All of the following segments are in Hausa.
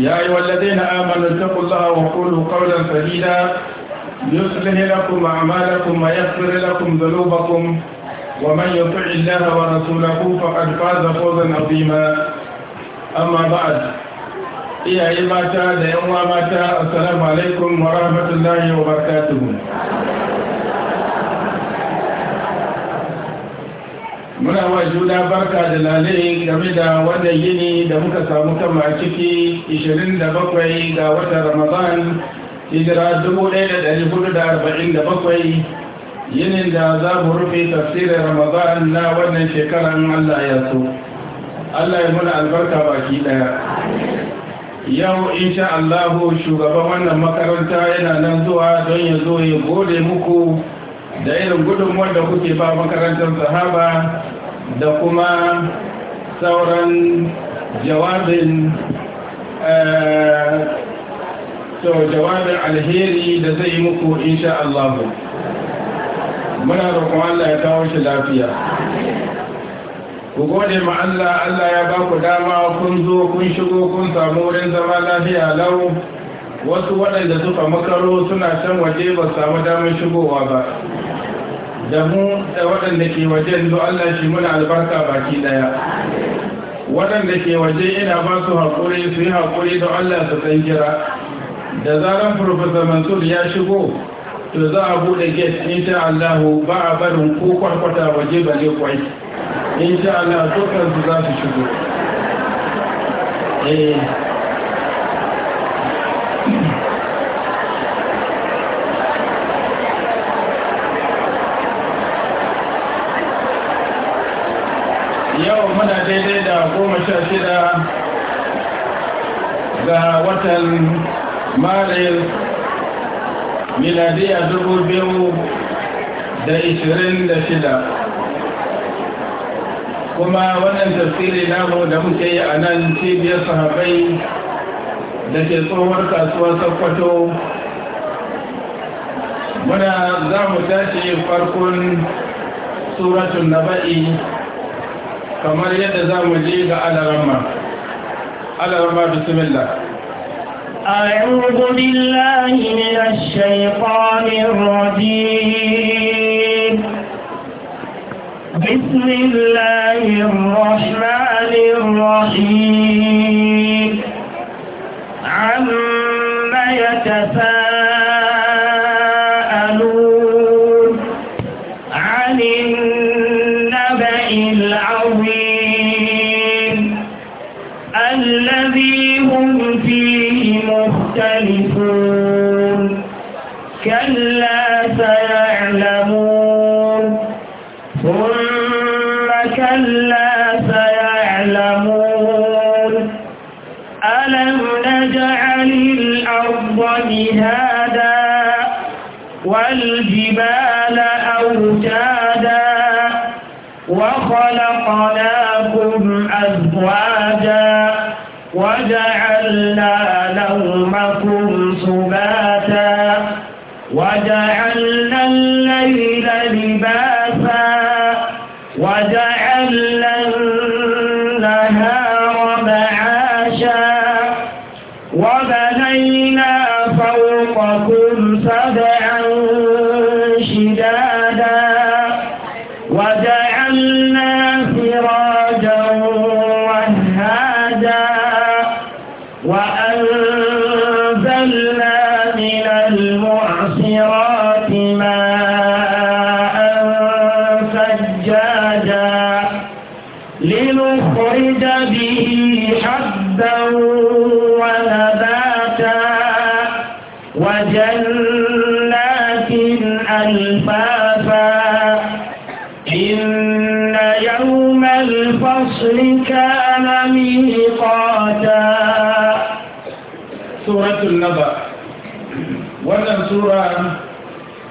يا أيها الذين آمنوا اتقوا الله وقولوا قولا سديدا يصلح لكم أعمالكم ويغفر لكم ذنوبكم ومن يطع الله ورسوله فقد فاز فوزا عظيما أما بعد يا mata da yan السلام عليكم ورحمة الله وبركاته muna wa juna barka da lalai game da wannan yini da muka samu kama ciki 27 ga watan ramadan hijira 1447 yinin da za mu rufe tafsirin ramadan na wannan shekaran allah ya so allah ya muna albarka baki daya yau insha allahu shugaban wannan makaranta yana nan zuwa don ya zo ya gode muku da irin gudunmuwar da kuke ba makarantar sahaba da kuma sauran jawabin eh, alheri da zai muku insha Allah muna roƙon Allah ya kawo shi lafiya ku gode ma Allah Allah ya ba ku dama kun zo kun shigo kun samu wurin zama lafiya lau wasu waɗanda suka makaro suna can waje ba samu damar shigowa ba da mu da waɗanda ke waje da Allah shi muna albarka baki ɗaya waɗanda ke waje ina ba su haƙuri su yi haƙuri da Allah su san kira da zaran Profesa Mansur ya shigo to za a buɗe gate sha Allah ba a barin ko kwarkwata waje ba ne kwai sha Allah dukkan su za su shigo eh. sha ga watan maris miladiya dubu biyu da ishirin da shida kuma wannan tafsiri namu da muke yi a nan cibiyar sahabai da ke tsohon kasuwar sakwato muna za mu tashi farkon suratun naba'i kamar yadda za mu ji ga alarama alarama bismillah أعوذ بالله من الشيطان الرجيم بسم الله الرحمن الرحيم عما يتساءل أوجادا وخلقناكم أزواجا وجعلنا نومكم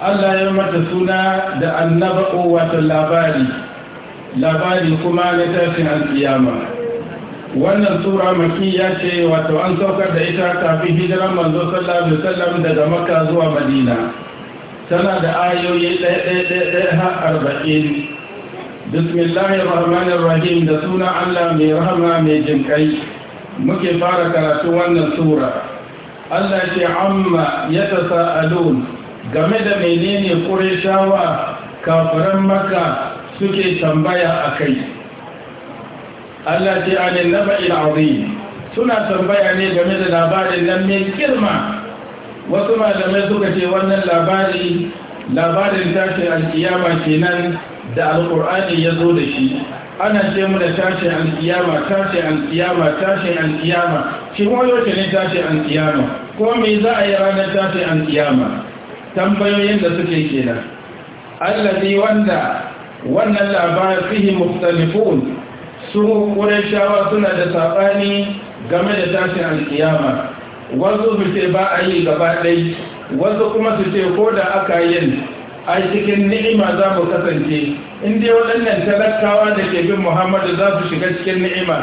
Allah ya mata suna da annaba'u wata labari labari kuma na tashin alkiyama wannan sura makiyya ce wato an saukar da ita kafin hijiran manzo sallallahu alaihi wasallam daga makka zuwa madina tana da ayoyi ɗaya har arba'in bismillahir rahim da suna Allah mai rahama mai jinkai muke fara karatu wannan sura Allah ce amma ya tasa'alun game da menene ƙureshawa kafiran maka suke tambaya a kai Allah ce anin naba il'azim suna tambaya ne game da labarin nan mai girma wasu malamai suka ce wannan labari labarin tashin alkiyama kenan da alkur'ani ya zo da shi ana ce mu da tashin alkiyama tashin alkiyama tashin alkiyama shi wani ne tashin alkiyama ko me za a yi ranar tashin alkiyama tambayoyin da suke kenan allazi wanda wannan labarin fihi mukhtalifun su qurayshawa suna da sabani game da tashin alkiyama wasu su ce ba a yi gaba ɗai wasu kuma su ce ko da aka yi a cikin ni'ima za mu kasance in dai waɗannan talakawa da ke bin muhammadu za su shiga cikin ni'ima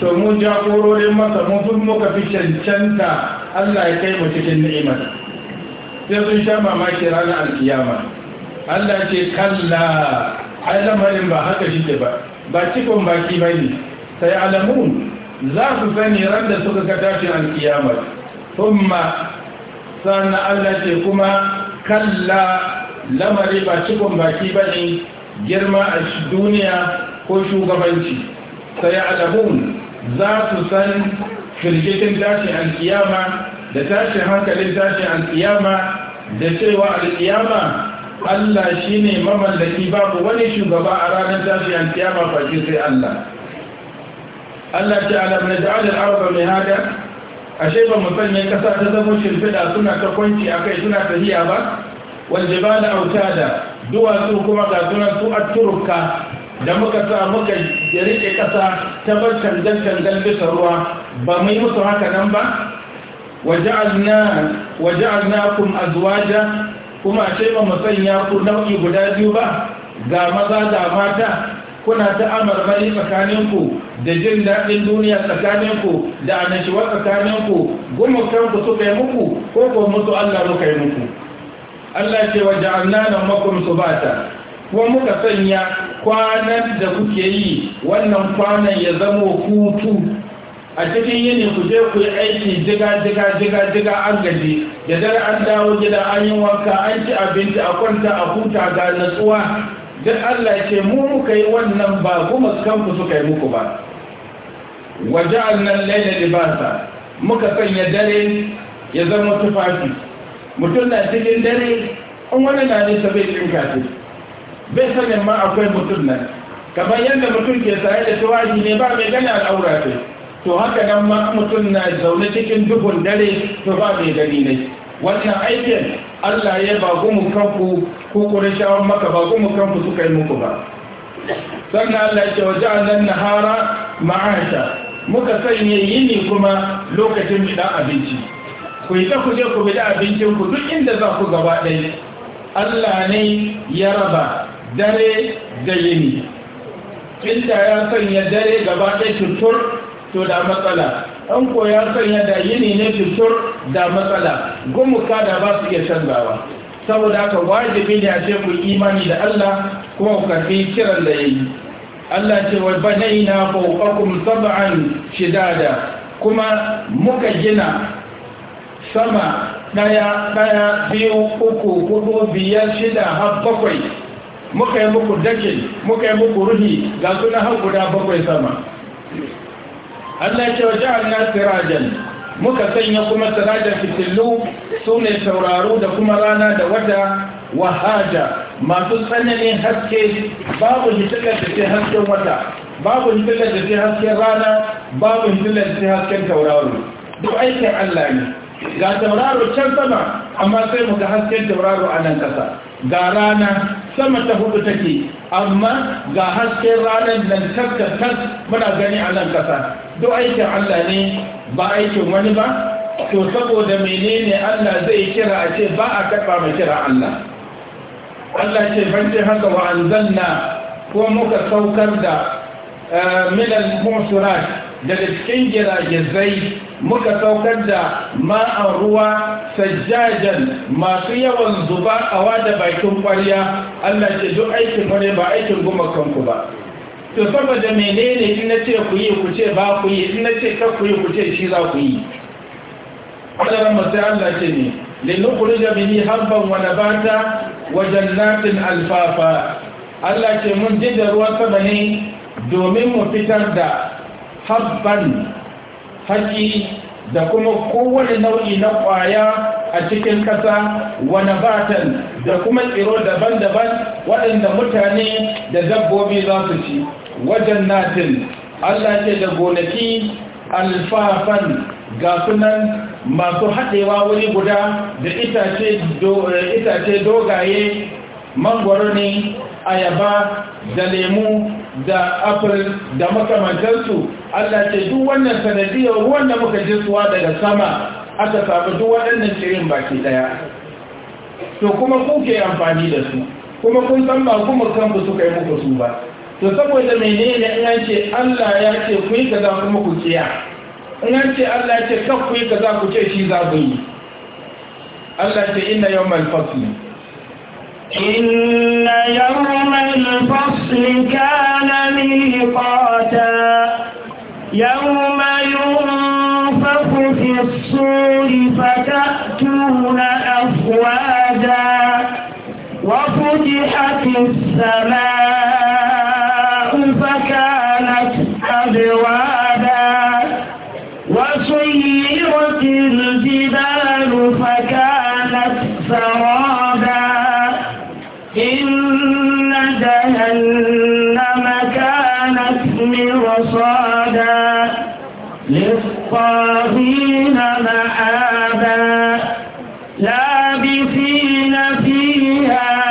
to mu jagororin masa mu fi muka fi cancanta allah ya kai mu cikin ni'imar sai sun sha mamaki ranar alkiyama Allah ce kalla a lamarin ba haka shike ba ba cikon baki ba ne sai alamun za su sani randa da suka ga tashin alkiyama kuma sannan Allah ce kuma kalla lamari ba cikon baki ba ne girma a duniya ko shugabanci sai alamun za su san firgitin tashi alkiyama da tashi hankalin tashi alkiyama da cewa alƙiyama Allah shi ne mamallaki babu wani shugaba a ranar tashi alƙiyama faƙi sai Allah Allah ce alam na arba mai hada ashe ba mu sanya kasa ta zama shimfiɗa suna ta kwanci kai suna tafiya ba da auta da duwatsu kuma ga sunan su a turka da muka sa muka rike kasa ta bar tangal tangal bisa ruwa ba mu yi musu haka nan ba waja'alnakum Azuwaja kuma ce ba mu sanya ku nau'i guda biyu ba ga maza da mata kuna ta amarmari tsakaninku da jin daɗin duniya tsakaninku da annashuwa tsakaninku gumukanku suka yi muku ko ko mutu Allah muka kai muku Allah ce wa ja'alna nan makum subata kuma muka sanya kwanan da kuke yi wannan kwanan ya zamo hutu a cikin yini ku je ku yi aiki jiga jiga jiga jiga an gaji da dare an dawo gida an yi wanka an ci abinci a kwanta a huta ga natsuwa duk Allah ce mu muka yi wannan ba kuma kanku suka yi muku ba waje annan laila libasa muka sanya dare ya zama tufafi mutum na cikin dare an wani na nisa bai tsinka ce bai sanin ma akwai mutum nan kamar yadda mutum ke saye da tuwaji ne ba mai gani al'aura to haka nan ma mutum na zaune cikin duhun dare to ba mai gani ne wannan aikin Allah ya ba ku mun kanku ko Qurayshawan maka ba ku mun kanku suka yi muku ba sannan Allah ya ce wa ja'alna nahara ma'asha muka sanya yini kuma lokacin bidan abinci ku yi ta ku je ku bi abincin ku duk inda za ku gaba ɗaya Allah ne ya raba dare da yini inda ya sanya dare gaba ɗaya tutur to da matsala an koya ya sanya da yini ne fitur da matsala gumuka da ba su iya canzawa saboda haka wajibi ne a ce ku imani da Allah kuma ku karbi kiran da yi Allah ce wa na fawqakum saba'an shidada kuma muka gina sama ɗaya ɗaya biyu uku hudu biyar shida har bakwai muka yi muku dake muka yi muku ruhi ga suna har guda bakwai sama Allah ya ce wa ja'alna sirajan muka sanya kuma sirajan fitillu sune sauraro da kuma rana da wata wahaja masu tsananin haske babu hitilar da ke hasken wata babu hitilar da ke hasken rana babu hitilar da ke hasken tauraro duk aikin Allah ne ga tauraro can sama amma sai muka hasken tauraro a nan ƙasa ga rana sama ta hudu take amma ga hasken ranar nan tattattas muna gani a nan kasa duk aikin Allah ne ba aikin wani ba to saboda menene Allah zai kira a ce ba a taɓa mai kira Allah Allah ce ban ce haka wa anzalna ko muka saukar da eh, minal musurat daga cikin giragizai muka saukar da ma'an ruwa sajjajan masu yawan zuba awa da bakin kwariya Allah ce duk aikin kware ba aikin goma kanku ba to saboda menene in na ce ku yi ku ce ba ku yi in na ce ka ku yi ku ce shi za ku yi masu Allah ce ne da wajen alfafa Allah ce mun ji da ruwan sama ne domin mu fitar da habban haƙi da kuma kowane nau'i na ƙwaya a cikin ƙasa wani batan da kuma tsiro daban-daban waɗanda mutane da dabbobi za su ci wajen natin allah ce da gonaki alfafan ga sunan masu haɗewa wuri guda da itace dogaye mangwaro ne ayaba da lemu da afirin da makamantarsu Allah ce duk wannan sanadiyar ruwan da muka jirsuwa daga sama aka samu duk waɗannan shirin baki ɗaya to kuma kuke amfani da su kuma kun san ba kuma ku suka yi muku su ba to saboda menene in an ce Allah ya ce ku yi kaza kuma ku kiya in an ce Allah ya ce kan ku yi kaza ku ce shi za ku yi Allah ce inna yawmal fasl إن يوم الفصل كان ميقاتا يوم ينفخ في فتأتون أفواجا وفتحت السماء فكانت وسيرت الجبال فكانت سرابا وصادا للطاغين مآبا لابثين فيها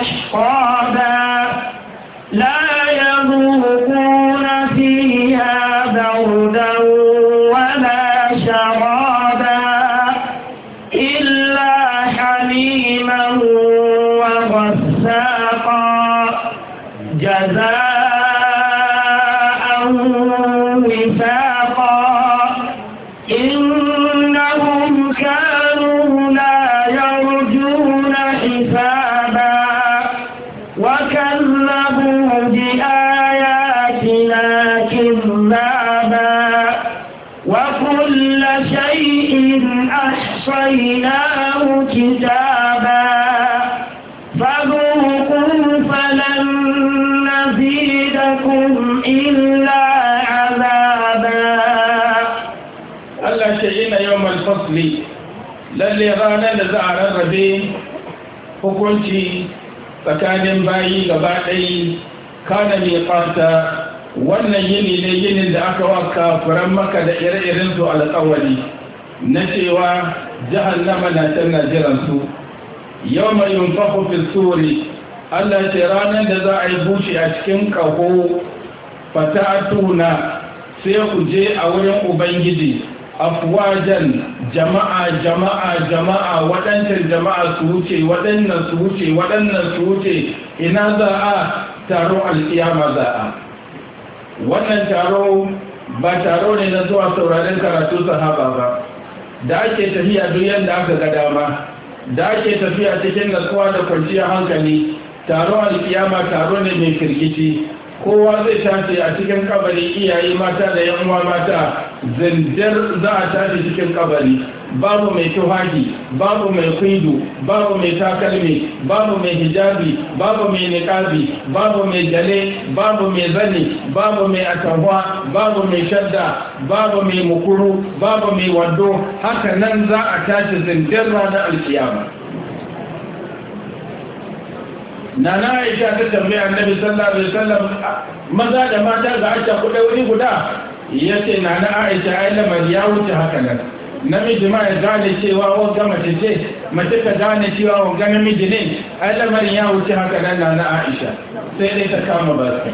أشقابا لا hukunci tsakanin bayi gaba ɗai kana mai fata wannan yini ne yinin da aka wa kafiran maka da ire-iren su alƙawari na cewa jahannama na can na jiran su yau mai yin fi suri Allah ce ranar da za a yi bushe a cikin kaho fata tuna sai ku je a wurin ubangiji afwajan jama'a jama'a jama'a waɗancan jama'a su wuce waɗannan su wuce waɗannan su wuce ina za a taro al'iyama za a wannan taro ba taro ne na zuwa sauraren karatu sahaba ba da ake tafiya duk yadda aka ga dama da ake tafiya cikin natsuwa da kwanciya hankali taro alƙiyama taro ne mai firgici kowa zai tashi a cikin kabari iyaye mata da yan uwa mata zanjar za a tashi cikin kabari babu mai tuhaji babu mai kwido babu mai takalmi babu mai hijabi babu mai niqabi babu mai jale babu mai zani babu mai atahwa babu mai shadda babu mai mukuru babu mai wando haka nan za a tashi zanjar ranar alkiyama na na aisha ta tambaya annabi sallallahu alaihi wasallam maza da mata ga aisha kudai wuri guda yace na na aisha ai lamar ya wuce haka nan namiji ma ya gane cewa wanga mace ce mace ka gane cewa wanga namiji ne ai ya wuce haka nan na na aisha sai dai ta kama baki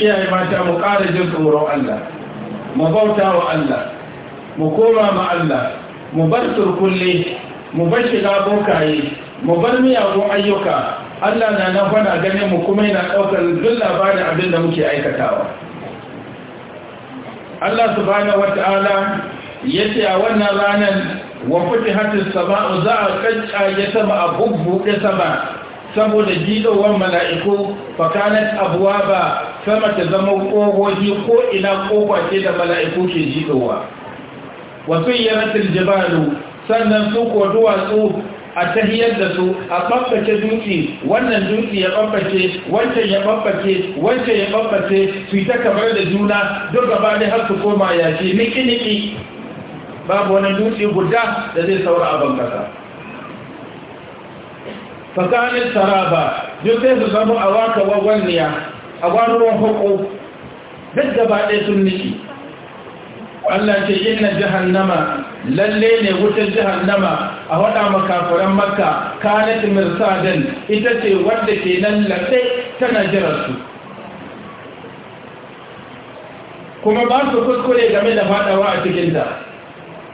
iyaye mata mu ƙara jin tsoron Allah mu bauta wa Allah mu koma ma Allah mu bar turkulle mu bar shiga bokaye mu bar miyagun ayyuka Allah na nan fana ganin mu kuma yana ɗaukar duk labarin abin da muke aikatawa Allah subhanahu wata'ala ce a wannan ranar wa hatin sama'u za a ya sama a bubbuɗe sama saboda jidowar mala'iku fakanat abuwa ba sama ta zama ƙogogi ko ina ƙofa ce da mala'iku ke jidowa wasu yaratul jibalu sannan su ko duwatsu a tahiyar da su a ɓaɓɓace dutse wannan dutse ya ɓaɓɓace wancan ya ɓaɓɓace wancan ya ɓaɓɓace su ta kamar da juna duk gaba ne har su koma yashi niki-niki babu wani dutse guda da zai saura abin kasa fakanin saraba duk sai su samu a waka wawanniya a gwanuwan ruwan duk gaba ɗaya sun niki Allah ce inna jahannama lalle ne wutar jahannama a wada makafuran makka kanat mirsadan ita ce wadda ke nan lalle tana jirar su kuma ba su kuskure game da fadawa a cikin ta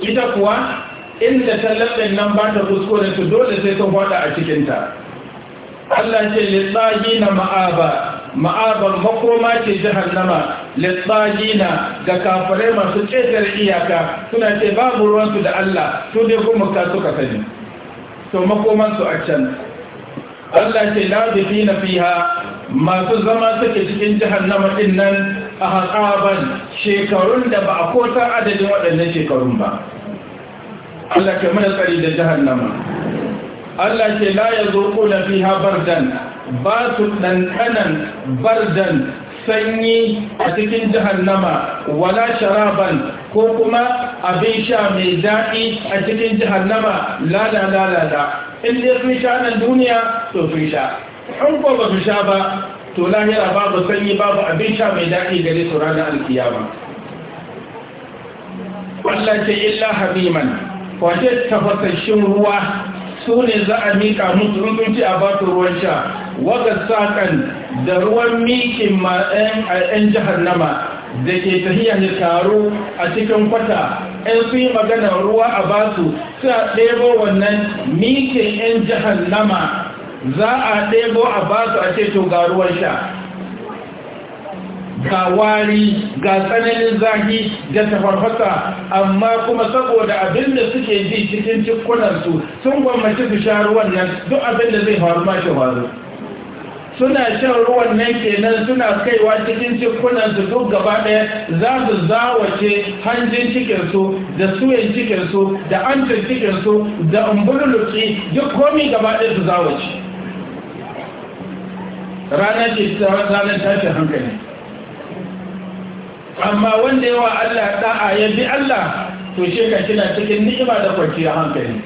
ita kuwa inda tallafin nan ba ta kuskure su dole sai sun fada a cikin ta Allah ce litsagi na ma'aba ma'abar makoma ce jahannama litsagina ga kafirai masu ƙetare iyaka suna ce babu ruwansu da Allah su dai kuma ka suka sani to makomansu a can Allah ce fi na fiha masu zama suke cikin jahannama din nan a haƙaban shekarun da ba a kotar adadin waɗannan shekarun ba Allah ke mana tsari da jahannama Allah ce la ya zo kuna fiha bardan ba su ɗanɗanan bardan sanyi a cikin nama wala sharaban ko kuma abin sha mai daɗi a cikin jahannama lada lada da in ya sun sha nan duniya to sun sha in ko ba su sha ba to lahira babu sanyi babu abin sha mai daɗi gare su ranar alkiyama Allah ce illa habiman wace tafasashin ruwa su ne za a miƙa musu rukunci a ba su ruwan sha waga saƙan da ruwan mikin ma'ayan jahannama da ke tafiya ya taro a cikin kwata ‘yan su yi maganar ruwa a basu a ɗebo wannan mikin ‘yan jahannama za a ɗebo a basu a ce to ga ruwan sha ga wari ga tsananin zahi da tafarfasa amma kuma saboda abin da suke ji cikin cikunansu sun gwamnati su sha ruwan nan duk abin da zai faru ma shi faru suna shan ruwan nan kenan suna kaiwa cikin cikunan su duk gaba ɗaya za su zawace hanjin cikinsu da suyan cikinsu da amcin cikinsu da umbululuki duk komi gaba ɗaya su zawace rana ce ta ranar tashin hankali amma wanda yawa Allah ɗa'a ya bi Allah to shi ka kina cikin ni'ima da kwanciyar hankali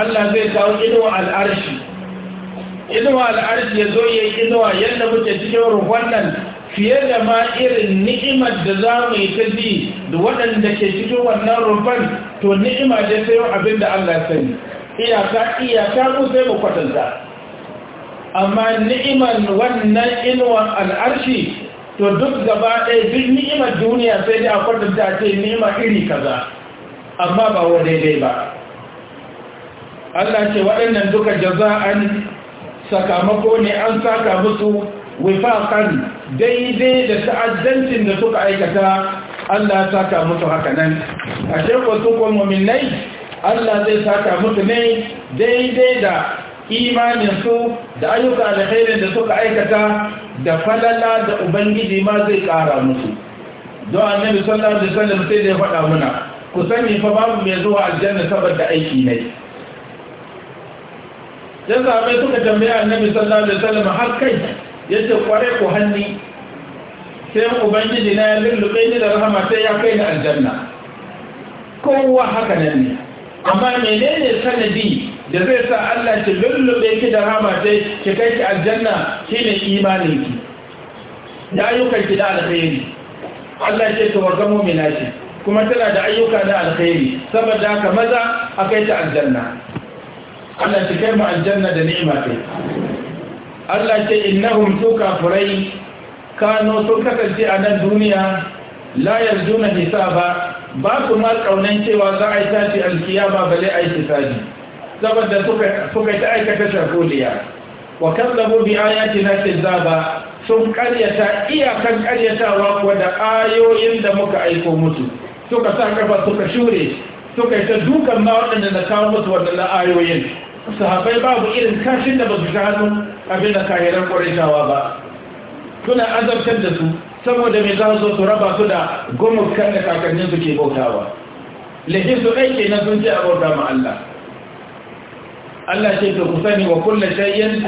Allah zai kawo ido al'arshi inuwa al'arshi ya zo ya yi inuwa yadda muke cikin ruhun nan fiye da ma irin ni'imar da za mu yi ta ji da waɗanda ke cikin wannan ruhun to ni'ima da sayo abin da Allah sani iyaka iyaka mu sai mu kwatanta amma ni'imar wannan inuwar al'arshi to duk gaba ɗaya duk ni'imar duniya sai da a kwatanta a ce ni'ima iri kaza amma ba wa daidai ba Allah ce waɗannan duka jaza'an sakamako ne an saka musu wifakan daidai da ta'addancin da suka aikata Allah saka musu haka nan a shekwa su muminai Allah zai saka musu ne daidai da imaninsu da ayyuka alkhairin da suka aikata da falala da ubangiji ma zai kara musu don annabi sallallahu alaihi wasallam sai da ya faɗa muna ku sani fa babu mai zuwa aljanna saboda aiki ne dan sahabbai suka tambaye annabi sallallahu alaihi wasallam har kai yace kware ku hanni sai ubangiji na ya lullube ni da rahama sai ya kai ni aljanna kowa haka nan ne amma menene sanadi da zai sa Allah ki lullube ki da rahama sai ki kai ki aljanna shine imanin ki da ayyukan ki da alkhairi Allah ce to ga mu'mina ce kuma tana da ayyuka da alkhairi saboda haka maza akai ta aljanna Allah shi kai mu aljanna da ni'ima kai Allah ce innahum su kafurai kano sun kasance a nan duniya la yarjuna hisaba ba su ma kaunan cewa za a yi tashi alkiyama bale a yi hisabi saboda suka ta aikata shakoliya wa kazzabu bi ayatina zaba sun karyata iyakan karyatawa kuwa da ayoyin da muka aiko musu suka sa kafa suka shure suka yi ta dukan ma waɗanda na kawo musu waɗannan ayoyin sahabai babu irin kashin da ba su gano abin da kayanar ƙwarishawa ba suna azabtar da su saboda mai za su raba su da kan da kakannin su ke bautawa lahin su aiki na sun ce a bauta ma Allah Allah ce to ku sani wa kulla shayyan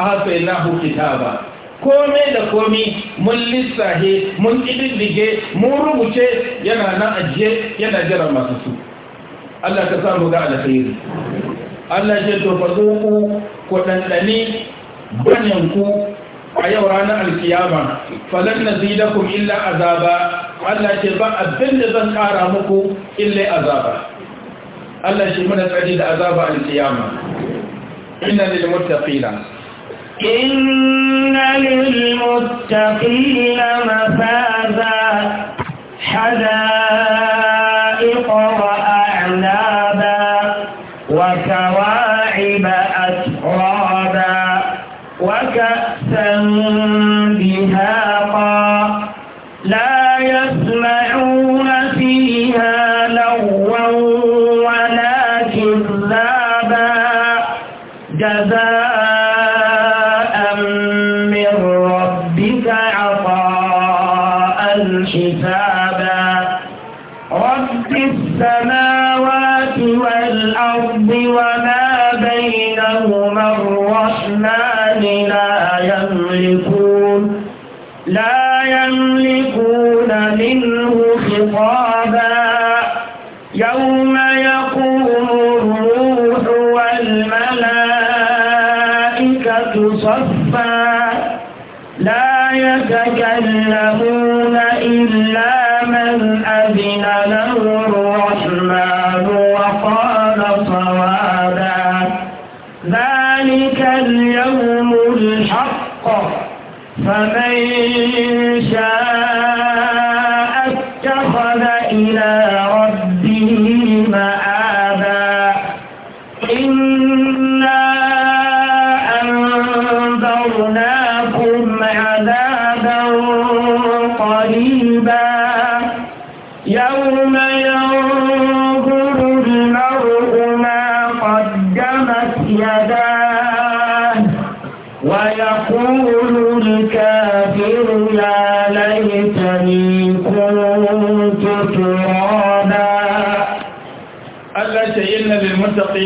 hasaynahu kitaba komai da komi mun lissahe mun ƙididdige mun rubuce yana na ajiye yana jiran masu su Allah ka samu ga alkhairi Allah ce to fazuku ku dandane banin ku a yau ranar alkiyama falan nazidakum illa azaba Allah ce ba abin da zan kara muku illa azaba Allah shi mana tsari da azaba alkiyama inna lil muttaqina inna lil muttaqina mafaza hada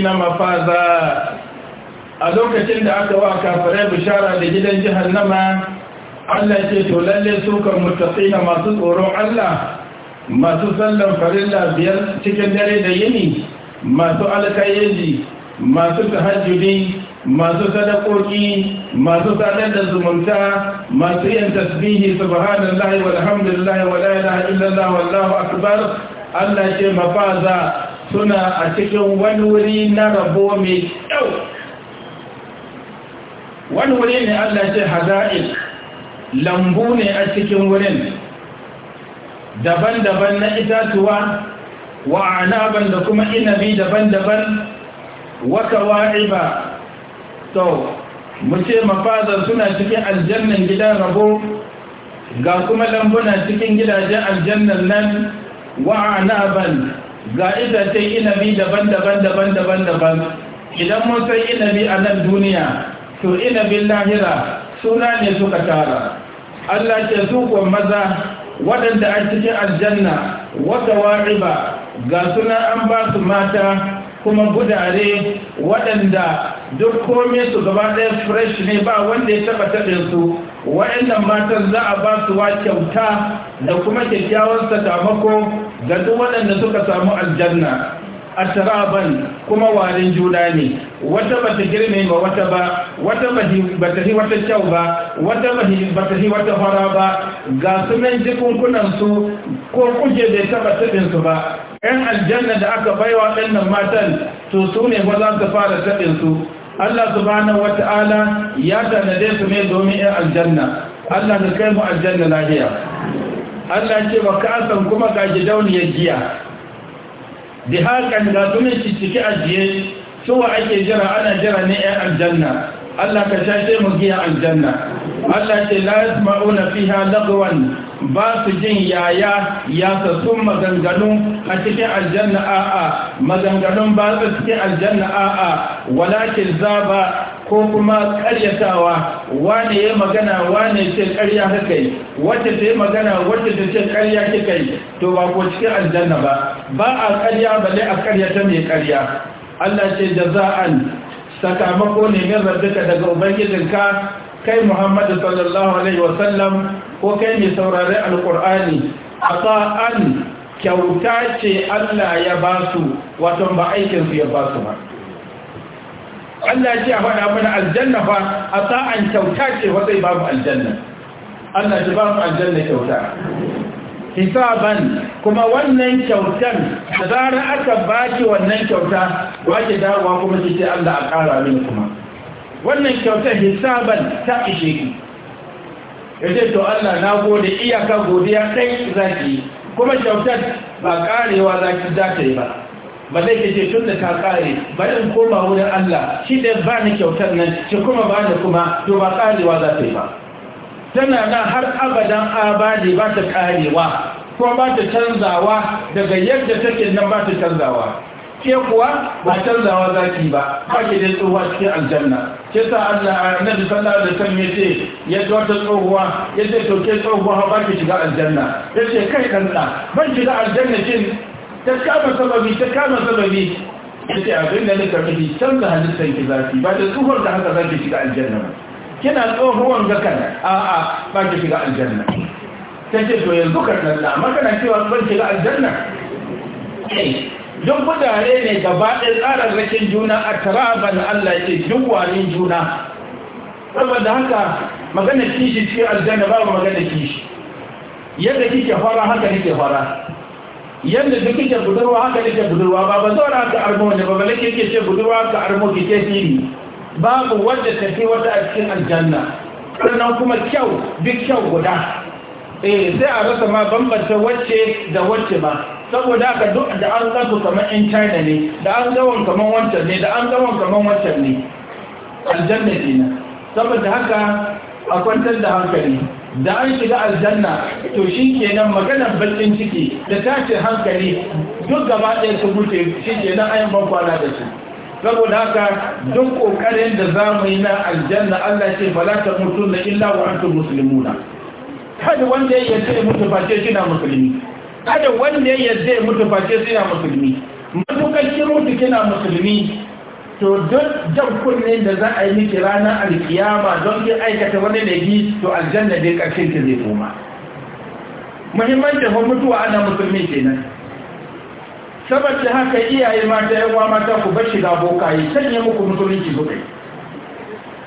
na mafaza a lokacin da aka wa kafirai bishara da gidan jihannama Allah ce to lalle su mutaqina masu tsoron Allah masu sallan farilla biyar cikin dare da yini masu alkayyaji masu tahajjudi masu sadakoki masu sadar da zumunta masu yin tasbihi subhanallahi walhamdulillahi wala ilaha illallah wallahu akbar Allah ce mafaza suna a cikin wani wuri na rabo mai kyau wani wuri ne allah ce haza'il lambu ne a cikin wurin daban-daban na itatuwa wa anaban da kuma inabi daban-daban waka wa'iba to mu ce mafazar suna cikin aljannan gidan rabo ga kuma lambuna cikin gidajen aljannan nan wa anaban ga itacen inabi daban-daban daban-daban daban idan mun san inabi a nan duniya to inabin lahira suna ne suka tara Allah ke su maza waɗanda a cikin aljanna wata wa'iba ga suna an ba su mata kuma gudare waɗanda duk komi su gaba ɗaya fresh ne ba wanda ya taɓa taɓe su wa'annan matan za a ba su wa kyauta da kuma kyakkyawar sakamako ga duk waɗanda suka samu aljanna a taraban kuma warin juna ne wata ba ta girme ba wata ba wata ba ta yi wata kyau ba wata ba ta yi wata fara ba ga su nan jikunkunansu ko kuje bai taba taɓinsu ba 'yan aljanna da aka baiwa ɗannan matan to su ne ba za su fara taɓinsu Allah subhanahu wata'ala ya tanade su ne domin yin aljanna Allah ka kai mu aljanna lafiya Allah ce ba ka san kuma ga gidauniyar giya da hakan ga tunan ciki ajiye suwa ake jira ana jira ne yan aljanna Allah ka shashe mu giya aljanna Allah ce la yasma'una fiha lagwan ba su jin yaya ya sassun maganganu a cikin aljanna a'a maganganun ba su cikin aljanna a'a walakin zaba ko kuma karyatawa wane ya magana wane ce karya haka yi wacce ta yi magana wacce ta ce karya kika yi to ba ko cikin aljanna ba ba a karya bale a karyata mai karya Allah ce jaza'an sakamako ne min rabbika daga ubangijinka kai muhammadu sallallahu alaihi wasallam ko kai mai saurari alkur'ani a sa'an kyauta ce allah ya ba su wato ba aikinsu ya ba su ba allah ce a faɗa mana aljanna fa a sa'an kyauta ce ba mu aljanna allah ce ba mu aljanna kyauta hisaban kuma wannan kyautan da zara aka baki wannan kyauta ba ki dawowa kuma ki ce Allah a ƙara min kuma wannan kyautar hisaban ta ishe ki yace to Allah na gode iyaka godiya kai zaki kuma kyautar ba karewa zaki za ta yi ba ba zai ke ce tun da ta kare ba in koma wurin Allah shi da ba ni kyautar nan shi kuma ba ni kuma to ba karewa za ta yi ba tana na har abadan abadi ba ta karewa kuma ba ta canzawa daga yadda take nan ba ta canzawa ke kuwa ba canzawa zaki ba ba ke dai tsohuwa cikin aljanna ke sa Allah a nabi sallallahu da san ya ce ya ce wata tsohuwa ya ce to ke tsohuwa ba ke shiga aljanna ya ce kai dan ban shiga aljanna kin ta kama sababi ta kama sababi ya ce abin da nika miji canza halittar ki zafi ba da tsohuwar da haka zaki shiga aljanna ba kina tsohuwan ga kan a'a ba ke shiga aljanna ta ce to yanzu ka nan amma magana cewa ban shiga aljanna duk mutane ne gaba ɗaya tsararrakin juna a taraban Allah ce duk wani juna saboda haka magana kishi cikin aljanna babu magana kishi yadda kike fara haka kike fara yadda duk kike budurwa haka kike budurwa ba ba zo haka armo ne ba balake kike ce budurwa ka armo kike fili babu wanda ke wata a cikin aljanna sannan kuma kyau duk kyau guda eh sai a rasa ma bambanta wacce da wacce ba saboda aka duk da an gansu kamar in china ne da an gawon kamar wancan ne da an gawon kamar wancan ne aljanna kenan saboda haka a kwantar da hankali da an shiga aljanna to shi kenan maganar bakin ciki da tashin hankali duk gaba ɗaya su wuce shi kenan ayin ban kwana da su saboda haka duk ƙoƙarin da za mu yi na aljanna allah ce ba za ta mutu na illa wa antum musulmuna kada wanda ya ce mutu ba ce shi na musulmi kada wanda ya ya mutu face sai ya musulmi matukar kirutu kina musulmi to duk jan kunne da za a yi miki ranar alkiyama don ki aikata wani laifi to aljanna dai karshen ki zai koma Muhimman ko mutuwa ana musulmi kenan saboda haka iyaye mata yan uwa mata ku bar shiga bokaye sanya muku musulunci suka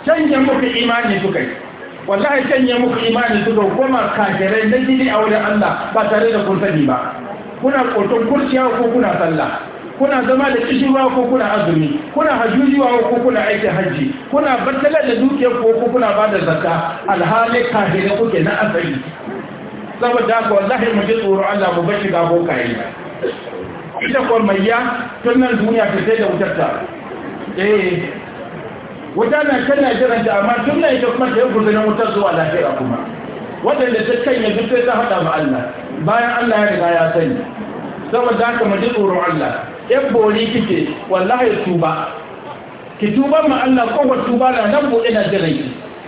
sanya muku imani suka wallahi kan ya muku imani su goma kafirai na gidi a wurin Allah ba tare da kun sani ba kuna kotun kurciya ko kuna sallah kuna zama da kishirwa ko kuna azumi kuna hajujiwa ko kuna aikin hajji kuna battala da dukiyar ko ko kuna ba da zakka alhali kafirai kuke na asali saboda haka wallahi mu ji tsoro Allah mu bar Ku bokaye ita kwarmayya ya tunan duniya ta sai da wutar ta eh wuta na kanna jiran da amma tun na ita kuma ta yi gudunin wutar zuwa lafiya kuma waɗanda ta kan yanzu sai ta haɗa ma Allah bayan Allah ya riga ya sani saboda haka mu ji tsoron Allah yan bori kike wallahi tuba ki tuba ma Allah ko tuba na nan buɗe na jiran ki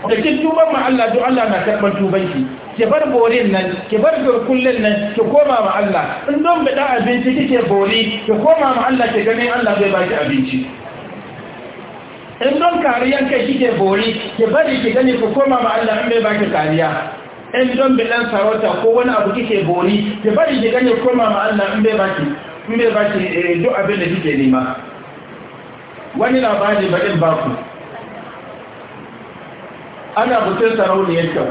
da kin tuban ma Allah duk Allah na karɓar tubanki ki bar borin nan ki bar garkullen nan ki koma ma Allah in don bada abinci kike bori ki koma ma Allah ki ganin Allah zai baki abinci in don kariyan kai kike bori ke bari ki gani ku koma ma Allah in bai baki kariya in don bilan sarauta ko wani abu kike bori ke bari ki gani ku koma ma Allah in bai baki in bai baki eh, duk abin da kike nema wani labari ba din baku ana butun sarauniyar kyau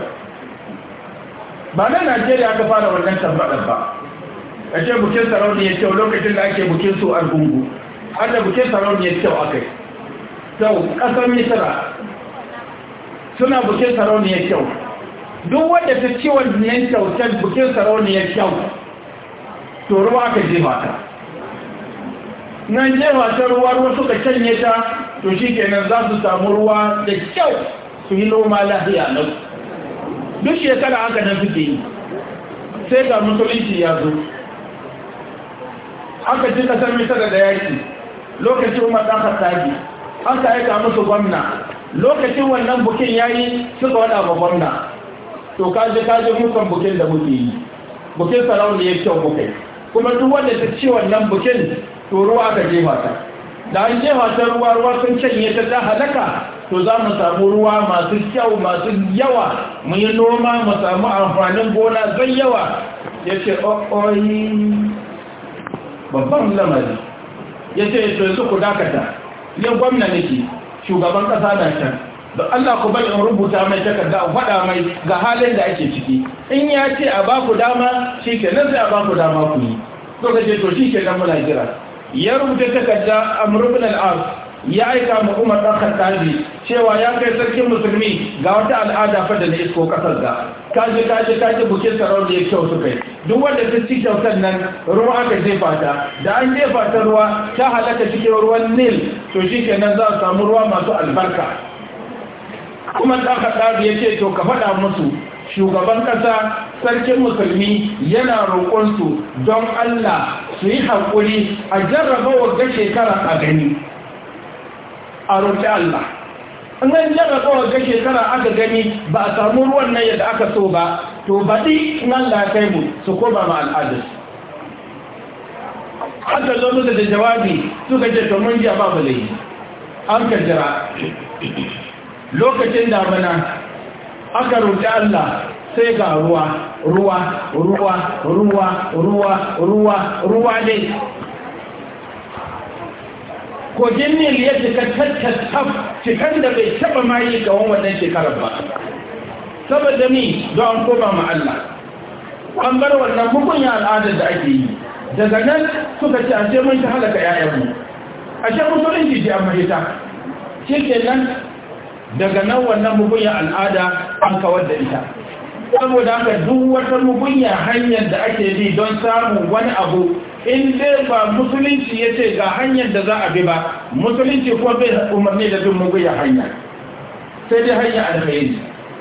ba na najeriya ka fara wannan tambayar ba a ce bukin sarauniyar kyau lokacin da ake bukin su al-gungu, har da bukin sarauniyar kyau aka yi kyau ƙasar misira suna bukin sarauniyar kyau duk wadda ta ci kyau kyautar bukin sarauniyar kyau to ruwa aka je mata. nan je mata ruwa ruwa suka canye ta to shi kenan za su samu ruwa da kyau su yi noma lafiya nan duk shekara aka nan suke yi sai ga musulunci ya zo aka ci kasar misira da yaki lokacin umar ɗan fasaji an ka aika musu gwamna lokacin wannan bukin ya yi suka wada ba gwamna to kaje kaji mukan bukin da muke yi bukin ya kyau muke kuma duk wanda ta ci wannan bukin to ruwa aka je ta da an je ta ruwa ruwa sun canye ta ta halaka to za mu samu ruwa masu kyau masu yawa mu yi noma mu samu amfanin gona zai yawa ya ce oh, babban lamari ya ce to yanzu ku dakata ya gwamna nake shugaban kasa na can da Allah ku bai in rubuta mai takarda in faɗa mai ga halin da ake ciki in ya ce a baku dama shi ke nan sai a baku dama ku yi to kace to shi ke nan mulajira ya rubuta takarda amrubnal ars ya aika ma Umar dan cewa ya kai sarkin musulmi ga wata al'ada fa na isko kasar ga kaje kaje kaje buke taron da ya kyau suka yi duk wanda ta ci kyautar nan ruwa aka jefa ta da an jefa ta ruwa ta halaka cikin ruwan Nil to shikenan za a samu ruwa masu albarka kuma dan ya yace to ka faɗa musu shugaban ƙasa sarkin musulmi yana roƙonsu don Allah su yi haƙuri a jarrabawar ga shekara a gani a roƙi Allah nan ya ga shekara aka gani ba a samu ruwan nan yadda aka so ba to baɗi nan da kai mu su koma ma al'adar aka zo musu da jawabi suka ga to mun ji ba mu laifi an ka jira lokacin damana aka roƙi Allah sai ga ruwa ruwa ruwa ruwa ruwa ruwa ruwa ne kogin nil ya cika tattataf cikan da bai taba mayi ga wannan shekarar ba saboda ni don koma ma Allah an bar wannan ya al'adar da ake yi daga nan suka ce sai mun ta halaka ƴaƴanmu ce musulunci ji amma ita nan daga nan wannan mugunya al'ada an kawar da ita saboda haka duk wata mugunya hanyar da ake bi don samun wani abu in dai ba musulunci ya ce ga hanyar da za a bi ba musulunci ko bai umarni da bin ya hanya sai dai hanya alkhairi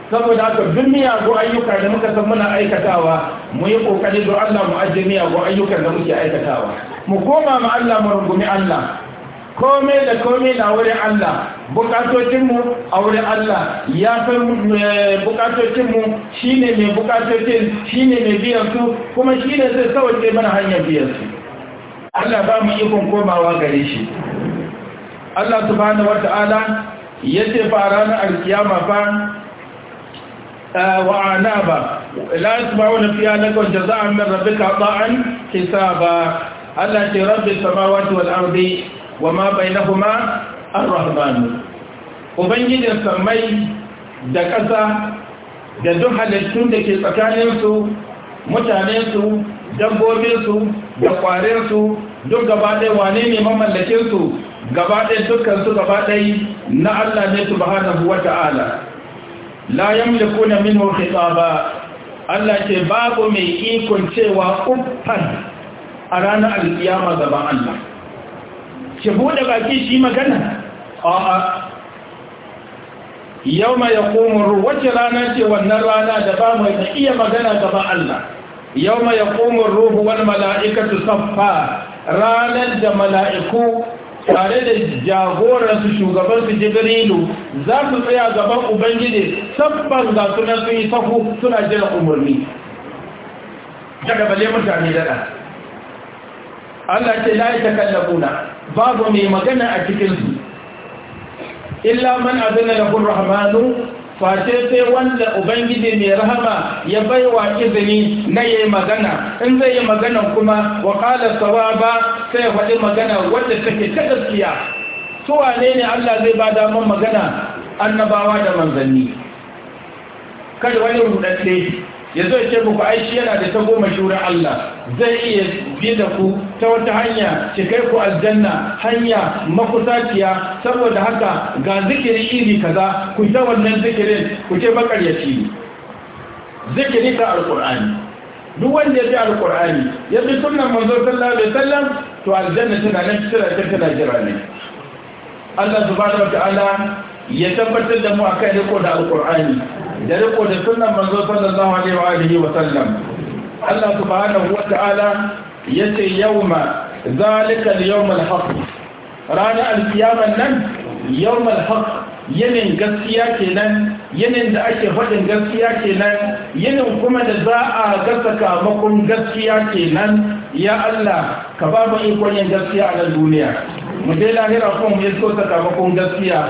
saboda haka duk miyagun ayyuka da muka san muna aikatawa mu yi kokari don Allah mu ajiye miyagun ayyukan da muke aikatawa mu koma ma Allah mu rungumi Allah komai da komai na wurin Allah bukatocinmu a wurin Allah ya san eh, bukatocinmu shi ne mai bukatocin shi ne mai biyan su kuma shi ne zai sauke mana hanyar biyan su Allah ba mu ikon komawa gare shi Allah subhanahu wata'ala ya ce fara na alkiyama fa eh, wa'ana ba la yasma'una fiha lakum jazaa'an min rabbika ta'an hisaba Allah ce rabbi samawati wal ardi wa ma bainahuma ar-rahman ubangijin samai da ƙasa da duk halittun da ke tsakaninsu mutanensu dabbobinsu da kwarensu duk gabaɗai wane ne mamallakinsu gabaɗai dukkansu gabaɗai na Allah ne subhanahu wa ta'ala la yamlikuna minhu khitaba Allah ce babu mai ikon cewa uffan a ranar alkiyama gaban Allah ki buɗe baki shi magana a'a yau mai yaƙomin wacce rana ce wannan rana da ba mai iya magana gaba Allah yau mai yaƙomin ruhu wani mala'ikatu saffa ranar da mala'iku tare da jagoransu shugabansu jibrilu za su tsaya gaban ubangiji saffan ga suna sun yi suna jiran umarni daga bale mutane daɗa Allah ce la yatakallabuna babu mai magana a cikin illa man azana lahu rahmanu face sai wanda ubangiji mai rahama ya baiwa izini na yayi magana in zai yi magana kuma wa qala sawaba sai faɗi magana wanda take ta gaskiya su wane ne Allah zai ba daman magana annabawa da manzanni kada wani rudadde ya zo ku muku aishi yana da ta goma Allah zai iya bi da ku ta wata hanya ki kai ku aljanna hanya makusaciya saboda haka ga zikiri iri kaza ku ta wannan zikirin ku ce makaryaci zikiri ta alkur'ani duk wanda ya ji alkur'ani ya bi sunan manzo sallallahu alaihi wasallam to aljanna tana nan tana tana jira Allah subhanahu wa ta'ala ya tabbatar da mu akan ko da alkur'ani da riko da sunan manzo sallallahu alaihi wa alihi wa sallam Allah subhanahu wa ta'ala yace yawma zalika al-yawm al rana al-qiyamah nan yawm al-haq yanin gaskiya kenan yanin da ake faɗin gaskiya kenan yanin kuma da za a ga sakamakon gaskiya kenan ya Allah ka ba mu ikon yin gaskiya a nan duniya mu dai lahira kuma mu yi so sakamakon gaskiya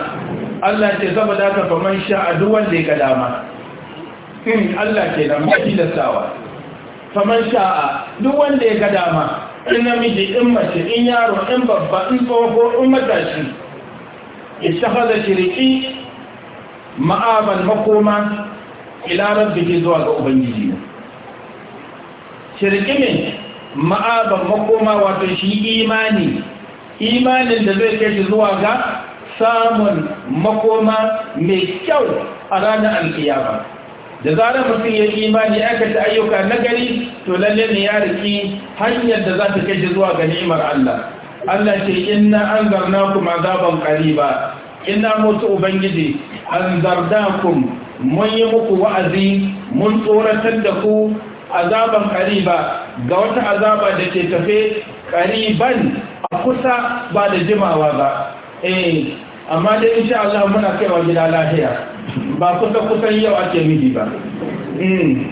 Allah ce saboda haka faman sha a duk wanda ya ga dama in Allah ke nan ya tilastawa faman sha a duk wanda ya ga dama in namiji in mace in yaro in babba in tsoho in matashi ittakhadha shiriki ma'aban makoma ila rabbihi zuwa ga ubangiji shirki ne ma'aban makoma wato shi imani imanin da zai kai zuwa ga samun makoma mai kyau a ranar alkiyama da zarar mutum ya imani aikata ayyuka na gari to lalle ne ya riki hanyar da za ta kai zuwa ga ni'imar Allah Allah ce inna anzarnakum azaban qariba inna mutu ubangiji anzarnakum mun yi muku wa'azi mun tsoratar da ku azaban qariba ga wata azaba da ke tafe qariban a kusa ba da jimawa ba eh amma dai insha Allah muna kaiwa gida lafiya ba kusa kusan yau ake miji ba hmm.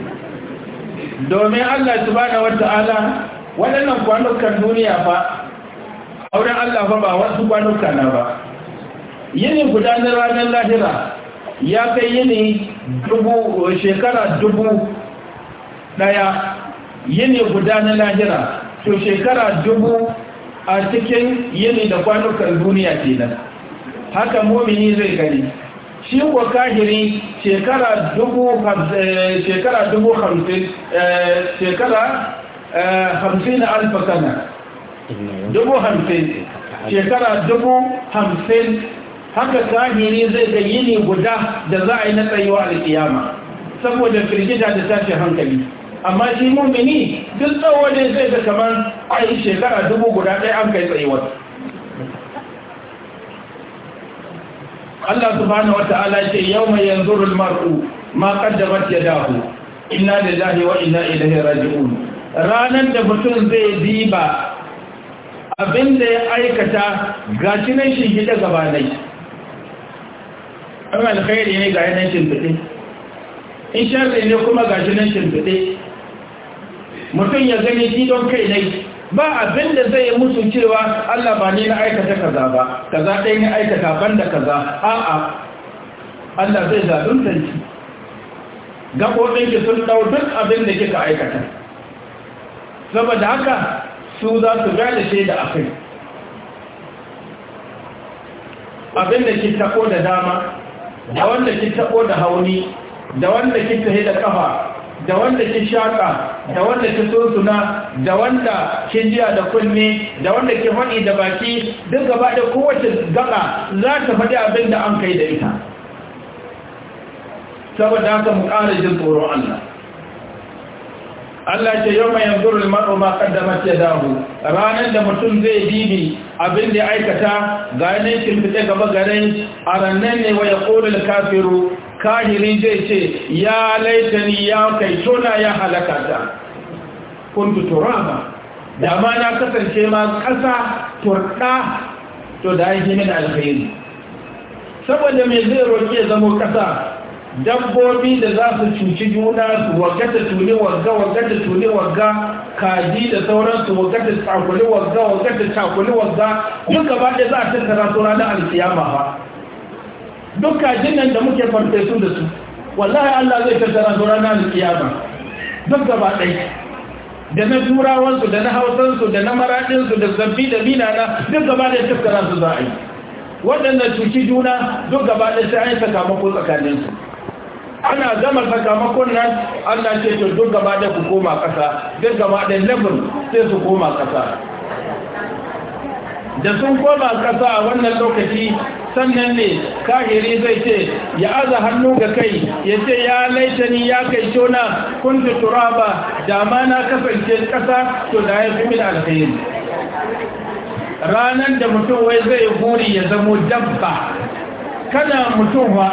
domin Allah subhanahu wata'ala waɗannan kwanukan duniya fa auren Allah fa ba wasu kwanuka na ba yini gudanar ranar lahira ya kai yini dubu shekara dubu daya yini gudanar lahira to shekara dubu a cikin yini da kwanukan duniya nan haka momini zai gani shi ko kahiri shekara dubu eh, hamsin eh, shekara eh, hamsin alfa sana dubu hamsin shekara dubu hamsin haka kahiri zai yi ne guda da za a yi na tsayuwa alkiyama saboda firgita da tashi hankali amma shi momini duk tsawo ne zai ga kamar a yi shekara dubu guda ɗaya an kai tsayuwar Allah subhanahu wata'ala ce yawma yanzuru al-mar'u ma qaddamat yadahu inna lillahi wa inna ilaihi raji'un ranan da mutum zai diba abin da ya aikata gashi nan shi gida gaba nai amma alkhairi ne ga yanan shimfiɗe in sharri ne kuma gashi nan shimfiɗe mutum ya gani shi don kai nai ba abin da zai musu cewa Allah ba ne na aikata kaza ba kaza ɗaya ne aikata banda kaza a'a Allah zai zalunta ki gaɓoɓin ki sun ɗau duk abin da kika aikata saboda haka su za su gane shaida a kai abin da ki tako da dama da wanda ki tako da hauni da wanda ki tahi da kafa da wanda ki shaka da wanda ki sunsuna da wanda ki jiya da kunne da wanda ki faɗi da baki duk gaba da kowace gaba za ta faɗi abin da an kai da ita saboda haka mu ƙara jin tsoron Allah Allah ce yau mai yanzu ulmaru ma kaddamat ya dahu ranar da mutum zai bibi abin da aikata ga yanayin shimfiɗe gaba garin, a rannan ne wa ya ƙolin kafiru kahiri zai ce ya laitani ya kai tona ya halaka ta kuntu turaba da ma na kasance ma kasa turɗa to da ya min alkhairi saboda me zai roke ya zama kasa dabbobi da za su cuci juna su ta tuni wagga ta tuni wagga kaji da sauran su sauransu wakata takuli wagga ta takuli wagga duka gaba da za a tattara sauran ranar alkiyama ba duk jinnan da muke farfesu da su wallahi Allah zai tattara su ranar kiyama duk gaba ɗai da na turawansu da na hausansu da na maraɗinsu da zambi da minana duk gaba ɗai tattara su za a yi waɗanda cuci juna duk gaba ɗai sai an yi sakamako tsakaninsu ana gama sakamakon nan Allah ce to duk gaba ɗai ku koma ƙasa duk gaba ɗai level sai su koma ƙasa da sun koma ƙasa a wannan lokaci sannan ne kahiri zai ce ya aza hannu ga kai ya ce ya ni ya kai tona da turaba da ma na kasance ƙasa to da ya fi min alkhairi ranar da mutum wai zai buri ya zamo dabba kana mutum wa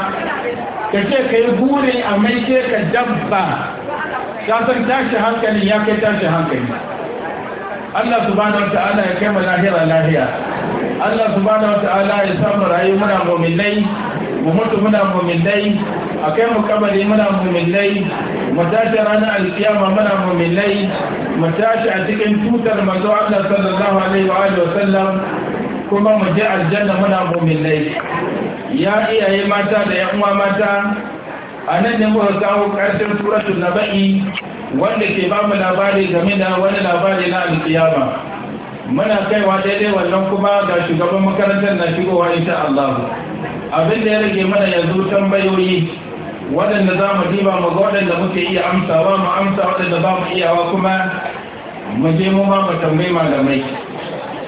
ka ce ka yi burin a ce ka dabba ta san tashi hankali ya kai tashi hankali Allah subhanahu wata'ala ya kai mu lahira lahiya Allah subhanahu wata'ala ya samu rayu muna mu'minai mu mutu muna mu'minai a kai mu kabari muna mu'minai mu tashi ranar alkiyama muna mu'minai mu tashi a cikin tutar manzo Allah sallallahu alaihi wa alihi wa sallam kuma mu je aljanna muna mu'minai ya iyaye mata da yan uwa mata a nan ne muka kawo ƙarshen suratul naba'i wanda ke ba mu labari game da wani labari na alƙiyama muna kaiwa daidai wannan kuma ga shugaban makarantar na shigowa insha Allah abin da ya rage mana yanzu tambayoyi waɗanda za mu diba mu ga waɗanda muke iya amsawa mu amsa waɗanda ba mu iyawa kuma mu je mu ma mu tambayi malamai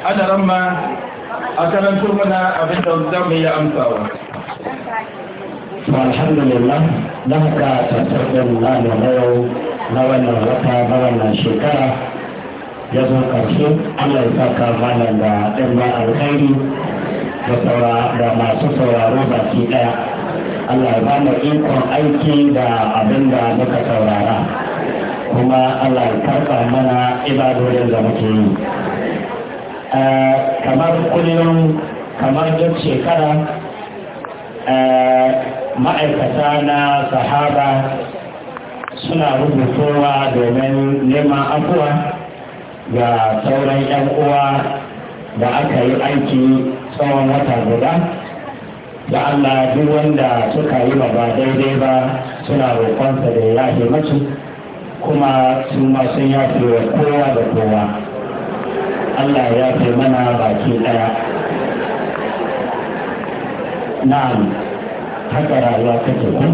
ana ramma a karantar mana abin da za mu iya amsawa alhamdulillah don haka tattar ɗin na da yau na wannan wata na wannan shekara ya zo ƙarshe allah ya saka malam da ɗin alkhairi da masu sauraro baki ɗaya allah ya ba ikon aiki da abin da muka saurara kuma allah ya karɓa mana ibadodin da muke yi eh, kamar kullum kamar duk shekara eh, ma'aikata na sahara suna rubutowa domin neman afuwa ga sauran 'yan uwa da aka yi aiki tsawon wata guda da Allah duk wanda suka yi ba daidai ba suna roƙonsa da ya yafe masu kuma sun ma sun yafe wa kowa da kowa Allah ya fi mana baki ɗaya na'am haka rayuwa take ba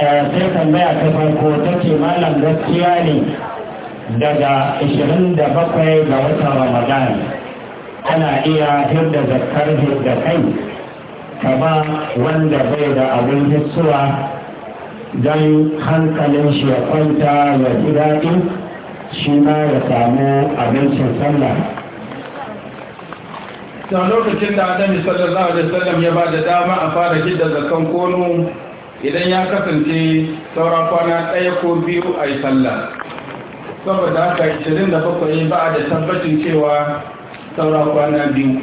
eh, sai tambaya ta farko ta ce malam gaskiya ne daga 27 ga watan ramadan ana iya hirda zakar hirda kai kama wanda bai da abin hissuwa don hankalin shi ya kwanta ya ji daɗi shi ma ya samu abincin sallah ta lokacin da annabi sallallahu alaihi wasallam ya ba da dama a fara kidda zakan kono idan ya kasance saura kwana ɗaya ko biyu a yi sallah saboda haka 27 ba a da tabbacin cewa saura kwana biyu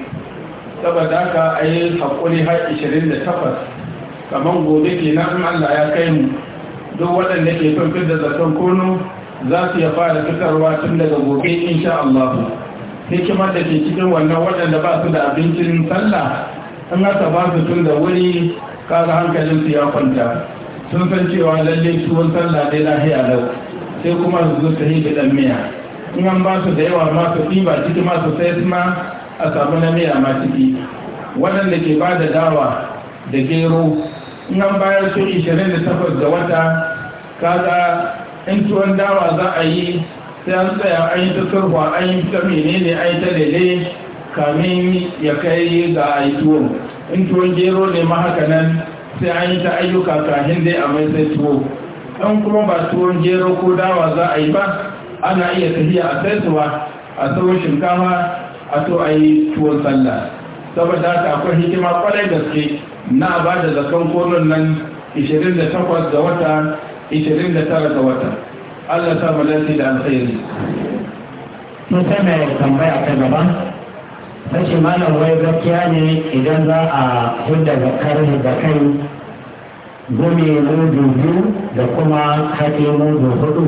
saboda haka a yi haƙuri har 28 kamar gobe ke in allah ya kai mu duk waɗanda ke son da zakan kono za su ya fara fitarwa tun daga gobe insha allahu hikimar da ke cikin wannan waɗanda ba su da abincin sallah an ta ba su tun da wuri kaga hankalin su ya kwanta sun san cewa lalle tuwon sallah dai lahiya lau sai kuma su zo sahi da dan miya in an ba su da yawa ma su ba ciki ma su sai ma a samu na miya ma ciki waɗanda ke ba da dawa da gero in an bayar su 28 da wata kaga in tuwon dawa za a yi sai an tsaya an yi ta sarfa an yi ta menene an yi ta lele kamin ya kai ga a in tuwon gero ne ma haka nan sai an yi ta ayyuka ka dai a mai sai tuwo ɗan kuma ba tuwon gero ko dawa za a yi ba ana iya tafiya a saisuwa a tsawon shinkafa a to a yi tuwon sallah saboda haka akwai hikima kwarai gaske na ba da zakan kolon nan 28 ga wata 29 ga wata Allah ta lafi da alkhairi mun sai mai tambaya ta gaba sace malam wai gaskiya ne idan za a hudda zakar da kai gumi mudu biyu da kuma haɗe mudu hudu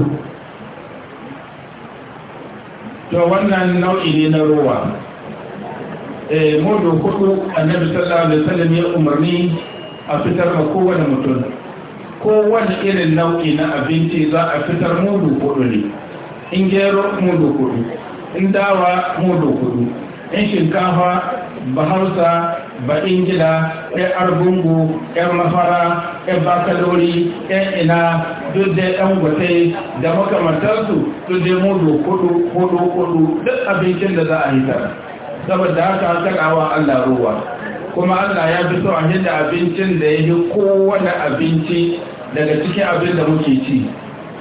to wannan nau'i ne na ruwa eh, mudu hudu annabi sallallahu alaihi wasallam ya umarni a fitar da kowane mutum kowane irin nau'i na abinci za a fitar mudu hudu ne in gero mudu kudu in dawa mudu kudu in shinkafa bahausa ba ingila ya argungu ya mafara ya bakalori ya ina duk da yan gwatai da makamantarsu duk da mudu hudu hudu kudu duk abincin da za a yi tara saboda haka wa allah ruwa kuma Allah ya fi so a hidda abincin da ya yi kowane abinci daga cikin abin da muke ci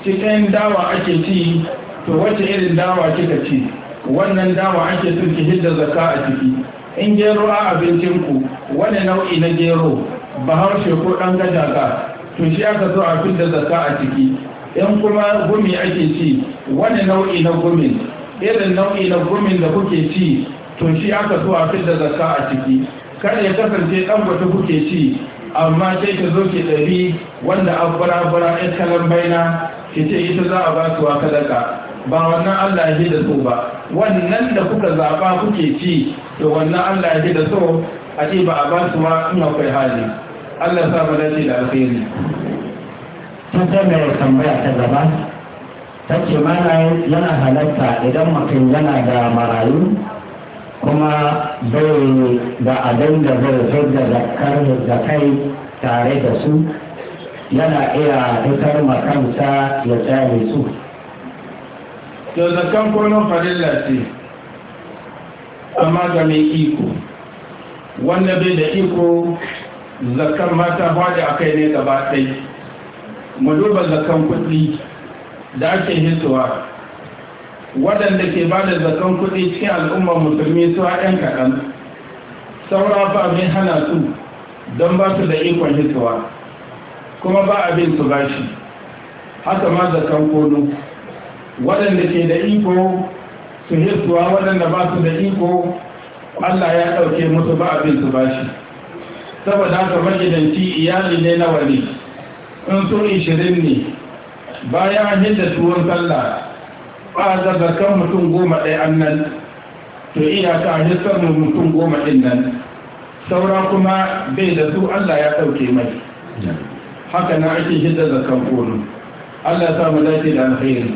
cikin dawa ake ci to wace irin dawa kika ci wannan dawa ake son ki hidda zaka a ciki in gero a abincinku wani nau'i na gero bahaushe ko ɗan ka to shi aka so a fidda zaka a ciki in kuma gumi ake ci wani nau'i na gumi irin nau'i na gumin da kuke ci to shi aka so a fidda zaka a ciki kada ya kasance ɗan wata kuke ci amma sai ta zo ki ɗari wanda an fara-fara ya kalan baina ki ce ita za a ba su wa kadaka ba wannan Allah ya da so ba wannan da kuka zaɓa kuke ci to wannan Allah ya da so a ce ba a ba su ma in akwai hali Allah sa ba dace da alheri ta sai mai tambaya ta gaba ta ce mana yana halatta idan mutum yana da marayu kuma zai da abin da zai da zakar zakai tare da su yana iya fitar makansa ya tsare su da zakan kwanon farilla ce amma ga mai iko wanda bai da iko zakan mata hwaje a kai ne gaba mu duba zakan kuɗi da ake hitowa waɗanda ke ba da zaton kuɗi cikin al'ummar musulmi su a ‘yan kaɗan saura ba abin hana su don ba su da ikon hitowa kuma ba abin su bashi haka ma zaton kodo waɗanda ke da iko su hitowa waɗanda ba su da iko allah ya ɗauke musu ba abin su bashi saboda haka magidanci iyali ne na wani in so ishirin ne bayan hidda tuwon sallah ba da zakan mutum goma ɗaya an nan. to iya iyaka a hisar mutum goma ɗin nan saura kuma bai da su allah ya ɗauke mai haka na ake hidda zakan kolo allah ta mu dace da alkhairi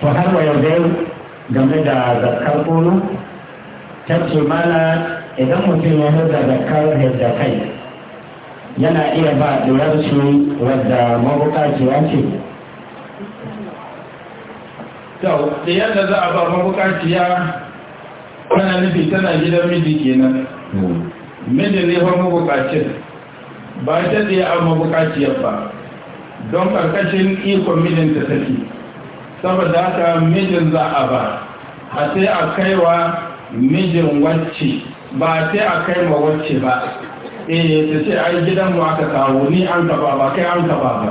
to har wa yau game da zakar kono ta ce mana idan mutum ya hidda zakar hidda kai yana iya ba ɗorar shi wadda mabukaciya ce kyau da yadda za a ba mabukaciya ana nufi tana gidan miji kenan hmm. miji ne fa mabukacin ba ta tsaye a mabukaciyar ba don karkashin ikon mijinta take saboda haka mijin za a ba a sai a kaiwa mijin wacce ba sai a kai ma wacce ba eh ta ce ai gidan mu aka kawo ni an ka ba kai an ka ba ba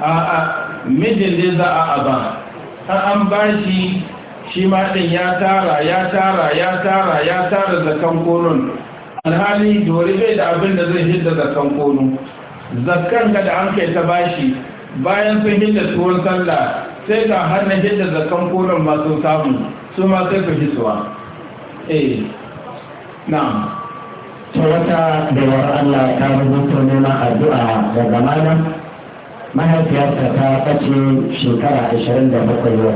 a a mijin ne za a ba har an bashi shi ma ya tara ya tara ya tara ya tara zakan konon alhali dori bai da abin da zai hidda zakan kono zakan ga da an kai ta bashi bayan sun hidda tuwon sallah sai ga hannun hidda zakan konon masu samu su ma sai ku hisuwa eh na'am wata da Allah ta rubuta nuna addu'a daga malam mahaifiyarta ta ɓace shekara ashirin da bakwai yau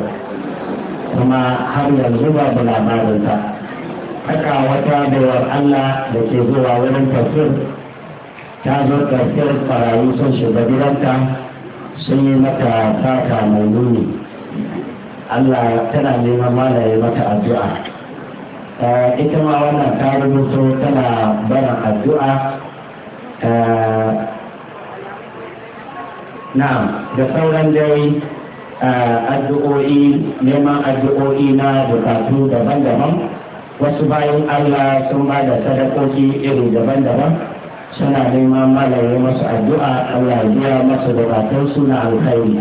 kuma har yanzu babu labarinta haka wata baiwar allah da ke zuwa wurin tafsir ta zo tafsir farayi sun shiga gidanta sun yi mata fata mai nuni allah tana neman malaye mata addu'a ita ma wannan ta rubuto tana barin addu'a na'am da sauran dai eh, addu'o'i neman addu'o'i na bukatu daban-daban wasu bayan Allah sun ba da sadakoki iri daban-daban suna neman malaye masu addu'a Allah biya masu bukatun suna alkhairi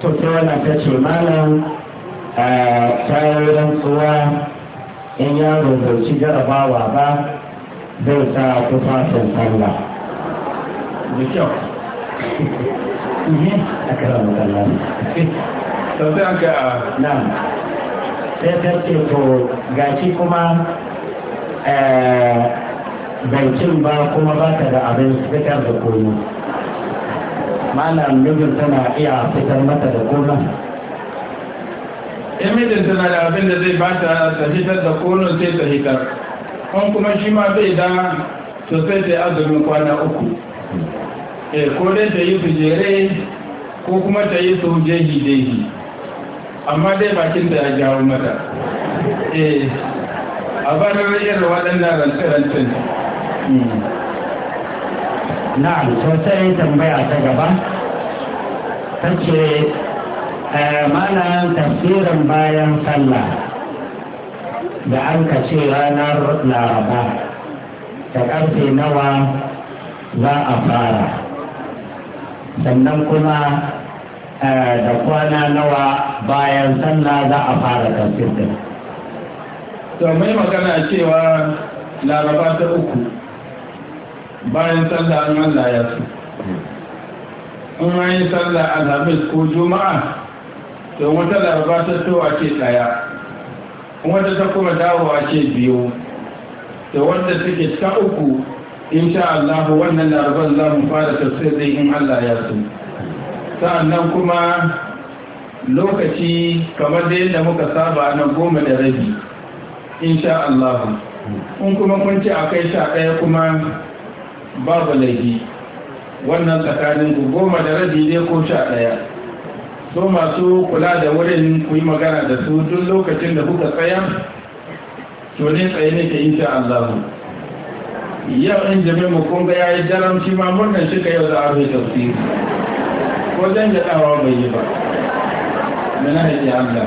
to ta wani ta ce malam eh, ta yi rantsuwa in yaro rubuci ci jarabawa ba zai sa tufafin sallah da a kara makalla sau sai aka sai ta ce to kuma ba kuma ba da abin fitar da komi malam mijin tana iya fitar mata da komi in mijin tana da abin da zai ba ta fitar da komi sai ta hitar kuma shi ma bai da sosai sai azumin kwana uku Eh, ko dai ta yi fijere, ko kuma ta yi su jeji jeji amma dai bakin da ya jawo mata eh a banar yin waɗannan rantsi-rantsin hmm. na'am sosai tambaya ta gaba ta ce eh, malayan tafsirin bayan sallah da an ka ce ranar laraba da ƙarfe nawa za a fara sannan kuma eh, da kwana nawa bayan sallah za a fara tafsir da to mai magana cewa laraba ta uku bayan sallah an Allah ya su in an yi sallah alhamis ko juma'a to wata laraba ta towa ce daya wata ta kuma dawowa ce biyu To wanda suke ta uku insha Allah wannan larabar za mu fara tafsirin in Allah ya so sa'annan kuma lokaci kamar da yadda muka saba na goma da rabi insha Allah in kuma kun ci akai sha ɗaya kuma babu laifi wannan tsakanin ku goma da rabi ne ko sha ɗaya so masu kula da wurin ku yi magana da su duk lokacin da kuka tsaya to ne tsaye ne ke insha Allah yau in jami mu kun ya yi jaramci ma murnan shi ka yau da abin tafsiri ko zan da dawa mai yi ba mana haƙi Allah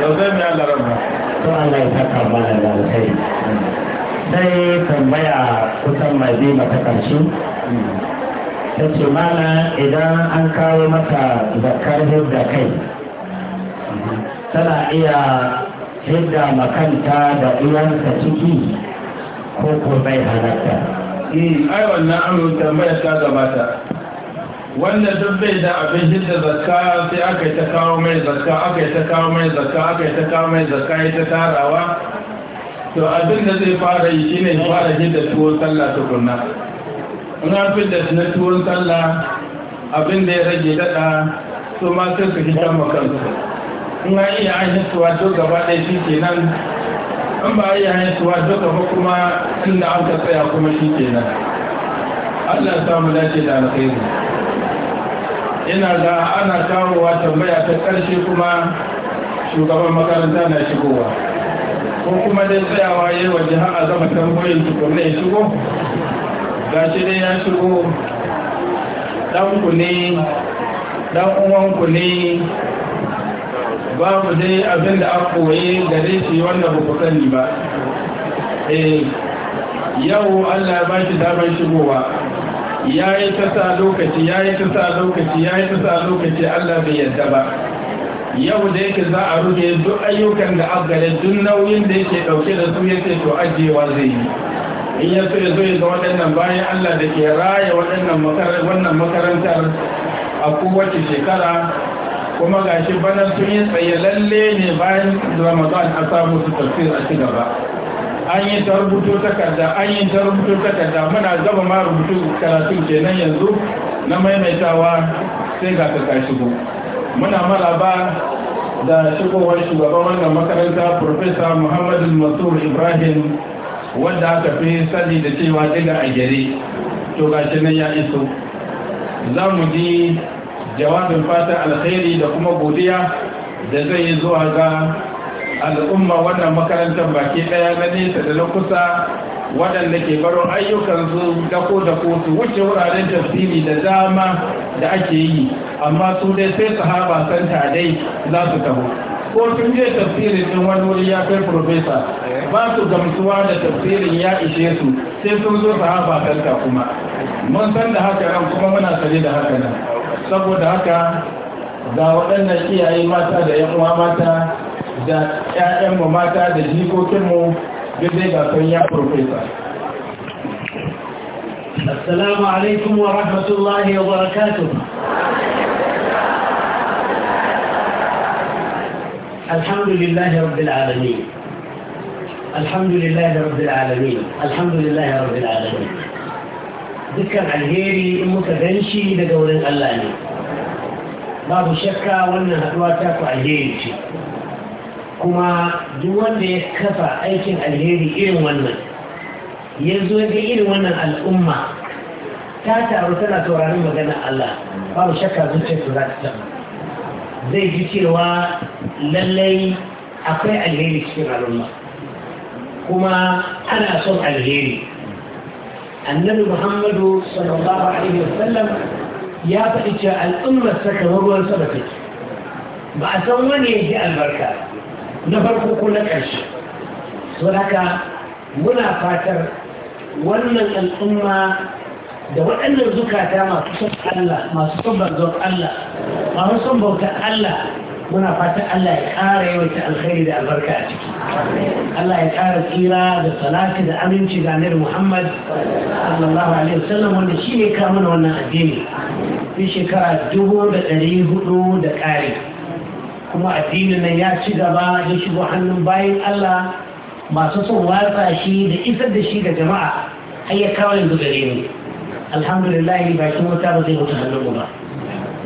to zai mai Allah rama to Allah ya saka mana da alkhairi sai tambaya kusan mai bi mata karshe ta ce mana idan an kawo maka zakar da kai tana iya fidda makanta da uwansa ciki ko ko bai halatta e, ai wannan amin tambaya ta gabata wanda duk bai da abin hidda zakka sai aka yi ta kawo mai zakka aka yi ta kawo mai zakka aka yi ta kawo mai zakka ya ta tarawa to abin da zai fara yi shine fara hidda tuwon sallah tukunna kunna. an fidda na tuwon sallah abin da ya rage daɗa su ma sai su hidda makanta. in an iya haihuwa to gaba ɗaya shi ke nan, in ba iya haihuwa to gaba kuma inda an ka tsaya kuma shi ke nan, Allah ya samu dace da alkhairu ina ga ana kawowa tambaya ta ƙarshe kuma shugaban makaranta na shigowa ko kuma dai tsayawa ya yi waje har a zama tambayin na ya shigo ga shi dai ya shigo ɗanku ne ɗan ku ne babu dai abin da aka koye gare shi wanda ba ku sani ba eh, yau Allah ba shi damar shigowa ya yi ta sa lokaci ya yi ta sa lokaci ya yi ta sa lokaci Allah bai yadda ba yau da yake za a rufe duk ayyukan da agare duk nauyin da yake dauke da su yake to ajiyewa zai yi in ya so ya zo ya ga waɗannan bayan Allah da ke raya waɗannan wannan makarantar a kowace shekara kuma ga shi bana sun yi tsaye lalle ne bayan ramadan a samu su tafsir a cigaba an yi ta rubuto takarda an yi ta rubuto takarda muna zama ma rubutu karatu kenan yanzu na maimaitawa sai ga kashi bu muna maraba da shigowar shugaban wannan makaranta Profesa Muhammadu Masur Ibrahim wanda aka fi sani da cewa daga a gare to shi nan ya iso za mu ji jawabin fata alkhairi da kuma godiya da zai yi zuwa ga al'umma wannan makarantar baki daya na nesa da na kusa waɗanda ke baro ayyukansu dako da kotu wuce wuraren tafsiri da dama da ake yi amma su dai sai sahaba ta dai za su taho ko sun je tafsirin din wani wuri ya kai profesa ba su gamsuwa da tafsirin ya ishe su sai sun zo sahaba kanta kuma mun san da haka kuma muna sare da haka nan saboda haka ga waɗannan iyaye mata da yan uwa mata da ƴaƴanmu mata da jikokinmu duk dai ga sun ya profesa assalamu alaikum wa rahmatullahi wa barakatuh الحمد لله رب العالمين الحمد لله رب العالمين الحمد لله رب العالمين dukkan alheri in muka gan shi daga wurin Allah ne babu shakka wannan haɗuwa ta ku alheri ce kuma duk wanda ya kafa aikin alheri irin wannan ya zo ga irin wannan al'umma ta taru tana taurarin magana Allah babu shakka su za ta sama zai ji cewa lallai akwai alheri cikin al'umma kuma ana son alheri النبي محمد صلى الله عليه وسلم يا فتى الأمة سكر وقول سبتك بعثوا من يجي البركة نفرق كل كش ولك ولا فاتر ولن الأمة وأن الزكاة ما تصب الله ما تصب الزكاة الله ما تصب الزكاة الله ولا فاتر الله يقاري ويتأل خير إذا البركة أتك Allah ya ƙara tsira da salati da aminci da Annabi Muhammad sallallahu alaihi wasallam wanda shi ne kawo mana wannan addini tun shekara dubu da ɗari hudu da ƙari kuma addinin nan ya ci gaba ya shigo hannun bayan Allah masu son watsa shi da isar da shi ga jama'a har ya kawo yanzu gare ni alhamdulillah bakin wata ba zai mutu hannun ba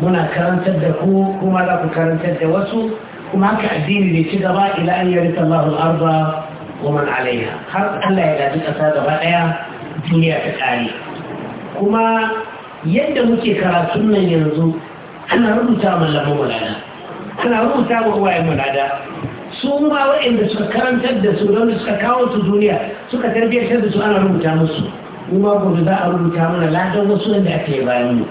muna karantar da ku kuma za ku karantar da wasu kuma haka addini ne ci gaba ila an yari sallahu arba wa man har Allah ya gaji ƙasa gaba ɗaya duniya ta ƙare kuma yadda muke karatun nan yanzu ana rubuta mallamin mulada ana rubuta wa uwayen mulada su ma waɗanda suka karantar da su don suka kawo su duniya suka tarbiyyar da su ana rubuta musu kuma gobe za a rubuta mana ladan wasu wanda aka bayan mu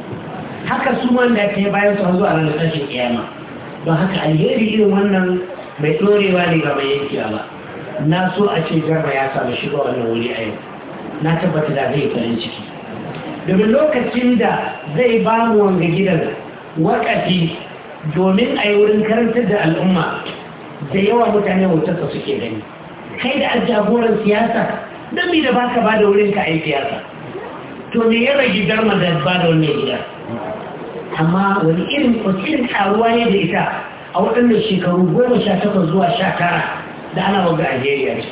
haka su wanda aka yi bayan su zuwa ranar tashin kiyama don haka alheri irin wannan mai ɗorewa ne ba mai yankiya ba na so a ce Jarma ya samu shiga wannan wuri a yau na tabbata da zai farin ciki domin lokacin da zai ba mu wanga gidan wakafi domin a yi wurin karantar da al'umma da yawa mutane wutarsa suke gani kai da an jagoran siyasa don mi da baka ba da wurin ka a yi siyasa to me ya rage garma da ba da wannan gida amma wani irin kwacirin karuwa ne da ita a waɗannan shekaru goma sha takwas zuwa sha tara da ana waga a jeriya kai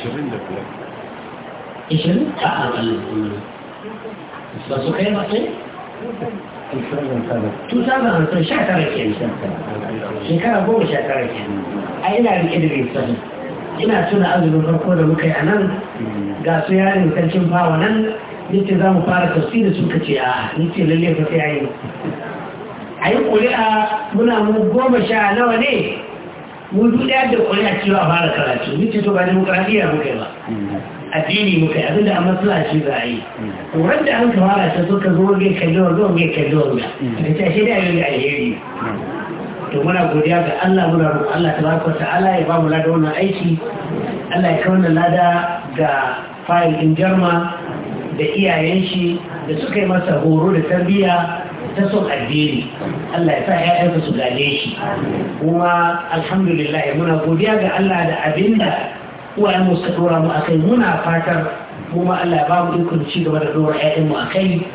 tusa sha tara ke shekara goma sha tara ke a ina riƙe da ina tuna azumin farko da muka yi a nan ga su yarin sarkin bawa nan yake za mu fara da suka ce a yace lalle fa ta yayi a yi ƙuri'a muna mu goma sha nawa ne mu duɗa da ƙuri'a cewa fara karatu ni ce to ba demokradiyya muka yi ba addini muka yi abinda a matsalaci za a yi ƙuran da an fara ta suka zo wani kalli wani wani kalli wani da ta shi da yi alheri to muna godiya ga Allah muna roƙon Allah tabaraka allah ya ba mu lada wannan aiki Allah ya kawo lada ga fayil din jarma da iyayen shi da suka yi masa horo da tarbiyya ta addini Allah ya sa ‘ya'yansa su gane shi kuma alhamdulillah muna godiya ga Allah da abinda uwayenmu suka dora mu akai muna fatar kuma Allah ya ba mu ikon ci gaba da dora ‘ya'yanmu a kai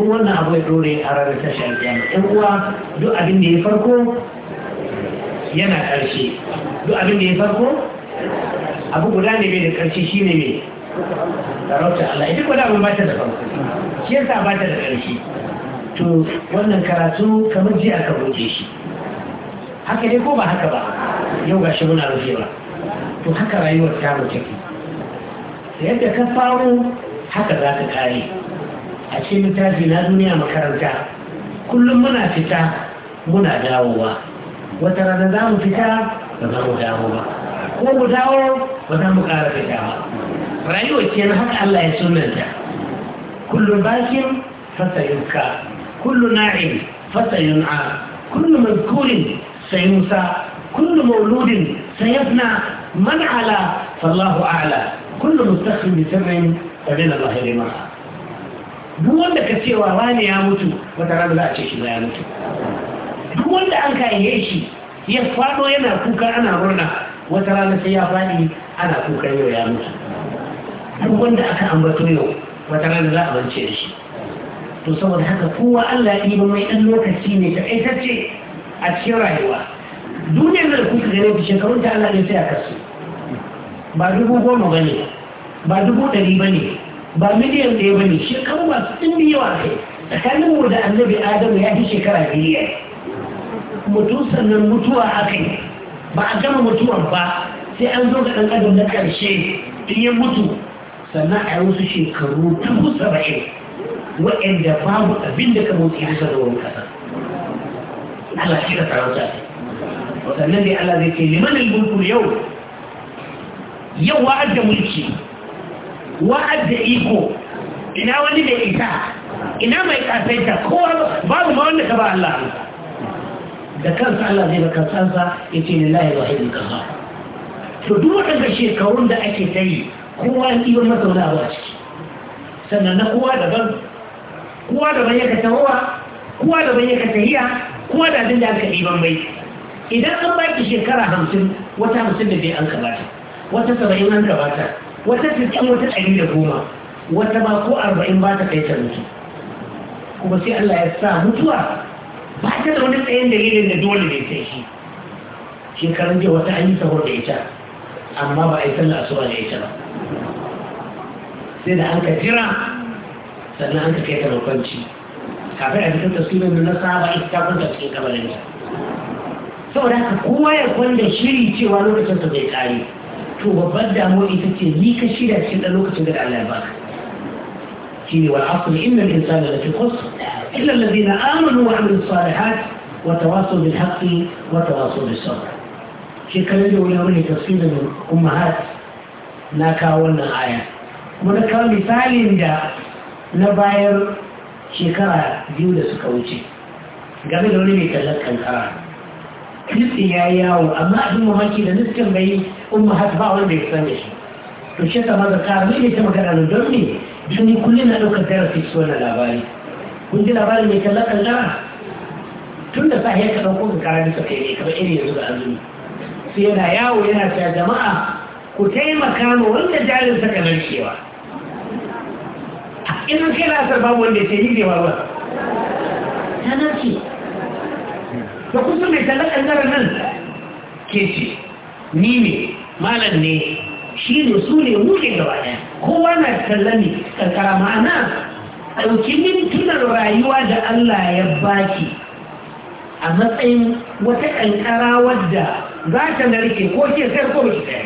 kuma wannan abu ya dore a ranar tashar kiyama ‘yan uwa duk abin da ya farko yana ƙarshe duk abin da ya farko abu guda ne bai da ƙarshe shine ne sarauta Allah duk wani abu ba ta da farko shi yasa ba ta da ƙarshe to wannan karatu kamar ji aka buɗe shi haka ne ko ba haka ba yau ga shi muna ba. to haka rayuwar ta mutu. yadda ka faru haka za ka kare a ce littafi na duniya makaranta kullum muna fita muna dawowa wata rana za mu fita ba za mu dawo ba ko mu dawo ba za mu ƙara fita ba rayuwar na haka Allah ya sunanta kullum bakin fasa yunka كل ناعم فسينعى كل مذكور سينسى كل مولود سيفنى من على فالله أعلى كل مستخدم بسر فمن الله duk wanda ka cewa wani ya mutu wata rana za a ce shi ya mutu duk wanda an kayaye shi ya fado yana kuka ana murna wata rana sai ya faɗi ana kuka yau ya mutu duk wanda aka ambato yau wata rana za a da shi to saboda haka kowa Allah ya ɗiba mai ɗan lokaci ne ta ce a cikin rayuwa duniyar da kuka gane ta shekarun ta Allah ne sai a kasu ba dubu goma ba ba dubu ɗari ba ba miliyan ɗaya ba ne shekaru masu ɗimbi yawa kai tsakanin mu da annabi adamu ya fi shekara biliyan mutum sannan mutuwa aka yi ba a gama mutuwar ba sai an zo ga ɗan adam na ƙarshe in ya mutu sannan a yi wasu shekaru dubu saba'in waɗanda babu abin da ka motsi bisa da wani kasa Allah shi ka tarauta wasannan dai Allah zai ce liman al-mulku yau yau wa'ad da mulki wa'ad da iko ina wani da ita ina mai kafaita kowa babu ma wanda ka ba Allah da kansa Allah zai baka sansa ya ce lillahi wahidin kaza to duk waɗanda shekarun da ake ta yi kowa ya ɗiba masa wani abu a ciki sannan na kowa daban kowa da ban ka tawowa kowa da ban ka tahiya kowa da abin da aka ban bai idan an baki shekara hamsin wata hamsin da bai an kabata wata saba'in an gabata, wata sittin wata ɗari da goma wata ba ko arba'in ba ta kai ta mutu kuma sai Allah ya sa mutuwa ba ta da wani tsayin dalilin da dole ne sai shi shekarun jiya wata an yi sahur da ita amma ba a yi sallah asuba da ita ba sai da an ka jira sannan an ka kai ta makwanci kafin a cikin tasirin na saba ita ta kwanta cikin kamarin ta saboda haka kowa ya kwanda shiri cewa lokacin ta bai kare to babbar damuwa ita ce ni ka shirya cikin ɗan lokacin da Allah ya baka shi ne wal asli inna al da lafi khusr illa na amanu wa amilus salihat wa tawasaw bil haqqi wa tawasaw bis sabr shekarun da wani wani kuma ummahat na kawo wannan aya kuma na kawo misalin da na bayan shekara biyu da suka wuce game da wani mai tallar kankara kristi ya yi yawo amma abin mamaki da nufin bai umma hatu ba wanda ya san da shi to shi ta maza kara mai ne ta magana da don ne don ni kullum na ɗaukar darasi su wannan labari kun ji labarin mai tallar kankara tun da sahi ya ka ɗauko kankara bisa kai ne kamar iri yanzu da azumi sai yana yawo yana ta jama'a ku taimaka ma wanda jarin saka cewa. in kai la'asar babu wanda ya ce ni ne ba ba ta da kusa mai tallar ƙangaren nan ke ce ni ne malam ne shi ne su ne muke gaba ɗaya kowa na tallami ƙanƙara ma'ana ɗauki mintunan rayuwa da Allah ya baki a matsayin wata ƙanƙara wadda za ta narke ko ke sai ko baki ba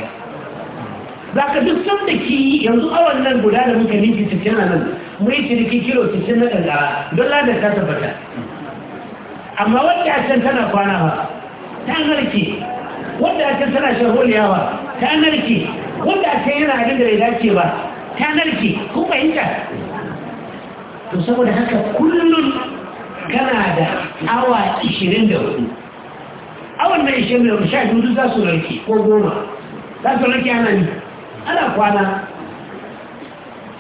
za ka duk sanda ki yanzu awon nan guda da muka ninki cikin nan mu yi ciniki kilo 60 na ɗanɗara don ladar ta tabbata amma wadda a can tana kwana ba ta narki wadda a can tana sharholiya ba ta narki wadda a can yana abin da bai dace ba ta narke kun fahimta to saboda haka kullum kana da awa 24 awan na 24 sha biyu za su narki ko goma za su narki ana ni ana kwana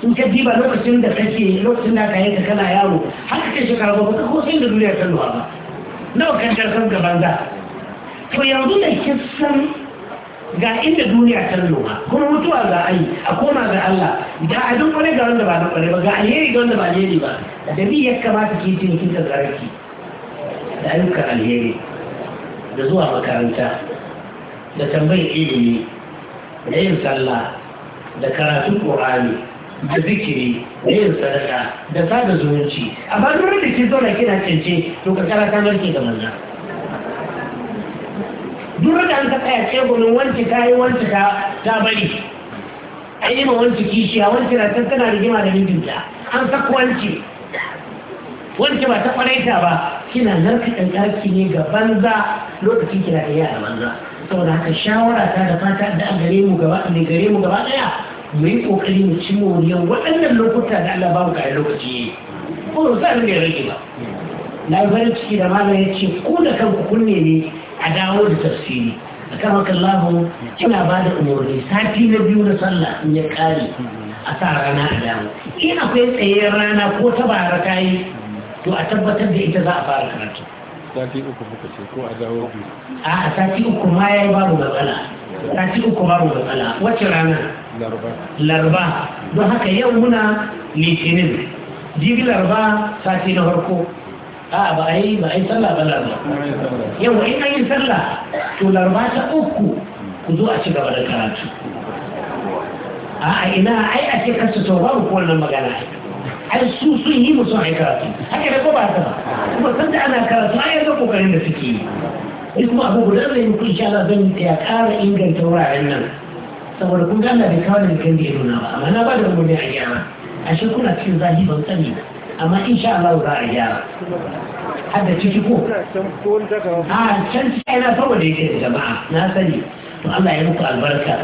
in ka diba lokacin da kake lokacin da kayan ka kana yaro har kake shekara ba ka kosin da duniya ta nuwa ba nawa kan karfan gaban da to yanzu da kisan ga inda duniya ta nuwa kuma mutuwa za a yi a koma ga Allah ga abin kwarai ga wanda ba na kwarai ba ga alheri ga wanda ba alheri ba da bi ya kamata ki yi mutum ta zaraki da ayyukan alheri da zuwa makaranta da tambayin ilimi da yin sallah da karatun ƙorani da zikiri da yin sadaka da sada zumunci A duk da ke zauna kina cance to ka kara kamar ke da manna duk da an saka tsaya ce gurin wanci ta yi ka ta bari an yi ma kishi kishiya wanci na can tana rigima da mijinta an saka wanci wanci ba ta kwaraita ba kina nan ka ɗaki ne ga banza lokacin kina da yara banza saboda haka shawara ta da fata da gare mu gaba ɗaya mu yi kokari mu ci moriyar waɗannan lokuta da Allah ba mu ga lokaci ko za sa ne rage ba na farin ciki da malam ya ce ko da kanku kunne ne a dawo da tafsiri a haka kallahu ina ba da umarni sati na biyu na sallah in ya kare a sa rana a dawo in akwai tsayen rana ko ta bara yi to a tabbatar da ita za a fara karatu sati uku muka ce ko a dawo biyu a sati uku ma ya yi babu matsala sati uku babu matsala wacce rana larba don haka yau muna litinin jibi larba sati na harko a ba a yi ba a yi sallah ba larba yau wa ina yin sallah to larba ta uku ku zo a ci gaba da karatu a ina ai a ce kansu to babu ko wannan magana ai su sun yi musu ai karatu haka da ko ba ta ba kuma san ana karatu ai yanzu kokarin da suke yi in kuma abu guda zai muku insha Allah zan yi ya ƙara inganta wuraren nan saboda kun gana da kawo da kan da ya ba amma na ba da umarni a gyara ashe kuna cikin zafi ban sani amma insha Allah za a gyara har da ciki ko a ah, can sai na saboda yake da jama'a na sani to Allah ya muku albarka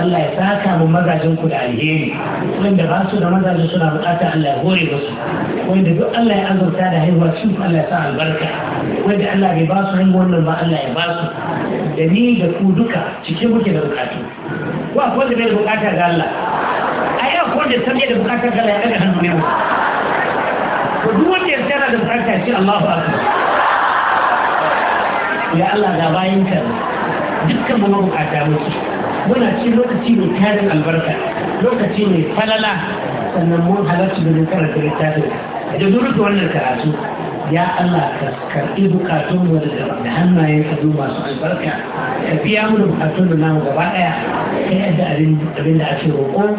Allah ya saka mu mazajen ku da alheri wanda ba su da mazaje suna bukata Allah ya hore musu wanda duk Allah ya azurta da haihuwa su Allah ya sa albarka wanda Allah bai ba su haihuwar nan ba Allah ya ba su da ni da ku duka cikin muke da bukatu ko akwai da bai bukata ga Allah a yau ko da sanye da bukata ga Allah ya daga hannu ne ko duk wanda ya tsara da bukata shi Allah Allahu akbar ya Allah ga bayin ka dukkan mu mabukata muke muna ci lokaci mai tarin albarka lokaci mai falala sannan mun halarci domin karanta littafin da duk wannan karatu ya Allah ka karɓi bukatun mu da hannayen ka zo masu albarka ka biya mu da bukatun da namu gaba ɗaya kai yadda abin da ake roƙo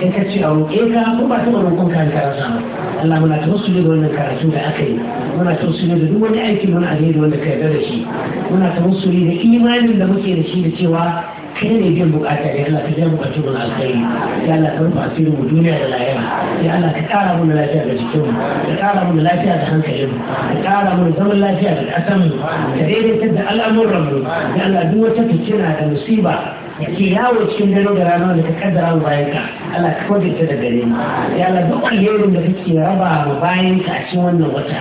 kai ka ce a roƙe ka ko ba taɓa roƙon ka ka rasa Allah muna ta wasu da wannan karatu da aka yi muna ta wasu da duk wani aiki muna da wanda ka yarda da shi muna ta wasu da imanin da muke da shi da cewa kai ne jin bukata ya Allah ka jira bukatu mun alkhairi ya Allah ka rufa asirin mu duniya da lahira ya Allah ka kara mun lafiya da jikin mu ka kara mun lafiya da hankalin mu ka kara mun zaman lafiya da kasan mu ka daidaita da al'amuran mu ya Allah duk wata fitina da musiba ke yawo cikin dare da rana da ka kaddara mu bayan ka Allah ka kodinta da gare mu ya Allah duk alherin da kake raba mu bayan ka a cikin wannan wata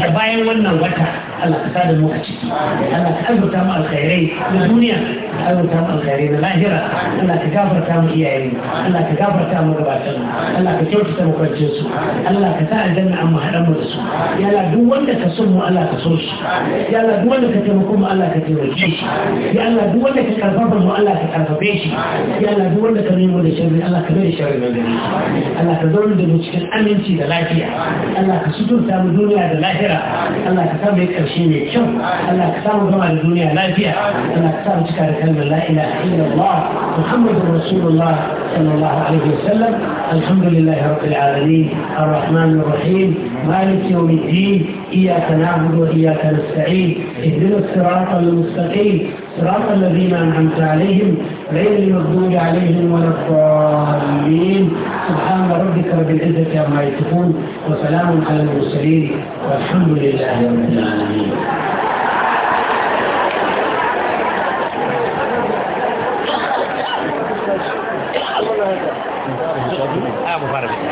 da bayan wannan wata Allah ka sada mu a ciki Allah ka azurta mu alkhairai na duniya ka mu alkhairai na lahira Allah ka gafarta mu iyaye Allah ka gafarta mu gabatan Allah ka kyautata mu kwanciyar su Allah ka sa aljanna an mu mu da su ya Allah duk wanda ka son mu Allah ka so shi ya Allah duk wanda ka taimako mu Allah ka taimake shi ya Allah duk wanda ka karfafa mu Allah ka karfafe shi ya Allah duk wanda ka nemo da sharri Allah ka bai da sharri na gari Allah ka zauna da mu cikin aminci da lafiya Allah ka suturta mu duniya da lahira Allah ka sa ƙarshe. الشيء شوف أن أكثر من الدنيا لا فيها أن أكثر تكار كلمة لا إله إلا الله محمد رسول الله صلى الله عليه وسلم الحمد لله رب العالمين الرحمن الرحيم مالك يوم الدين إياك نعبد وإياك نستعين اهدنا الصراط المستقيم صراط الذين أنعمت عليهم غير المغضوب عليهم ولا الضالين سبحان ربك رب العزة عما يصفون وسلام على المرسلين والحمد لله رب العالمين ah, parar aqui.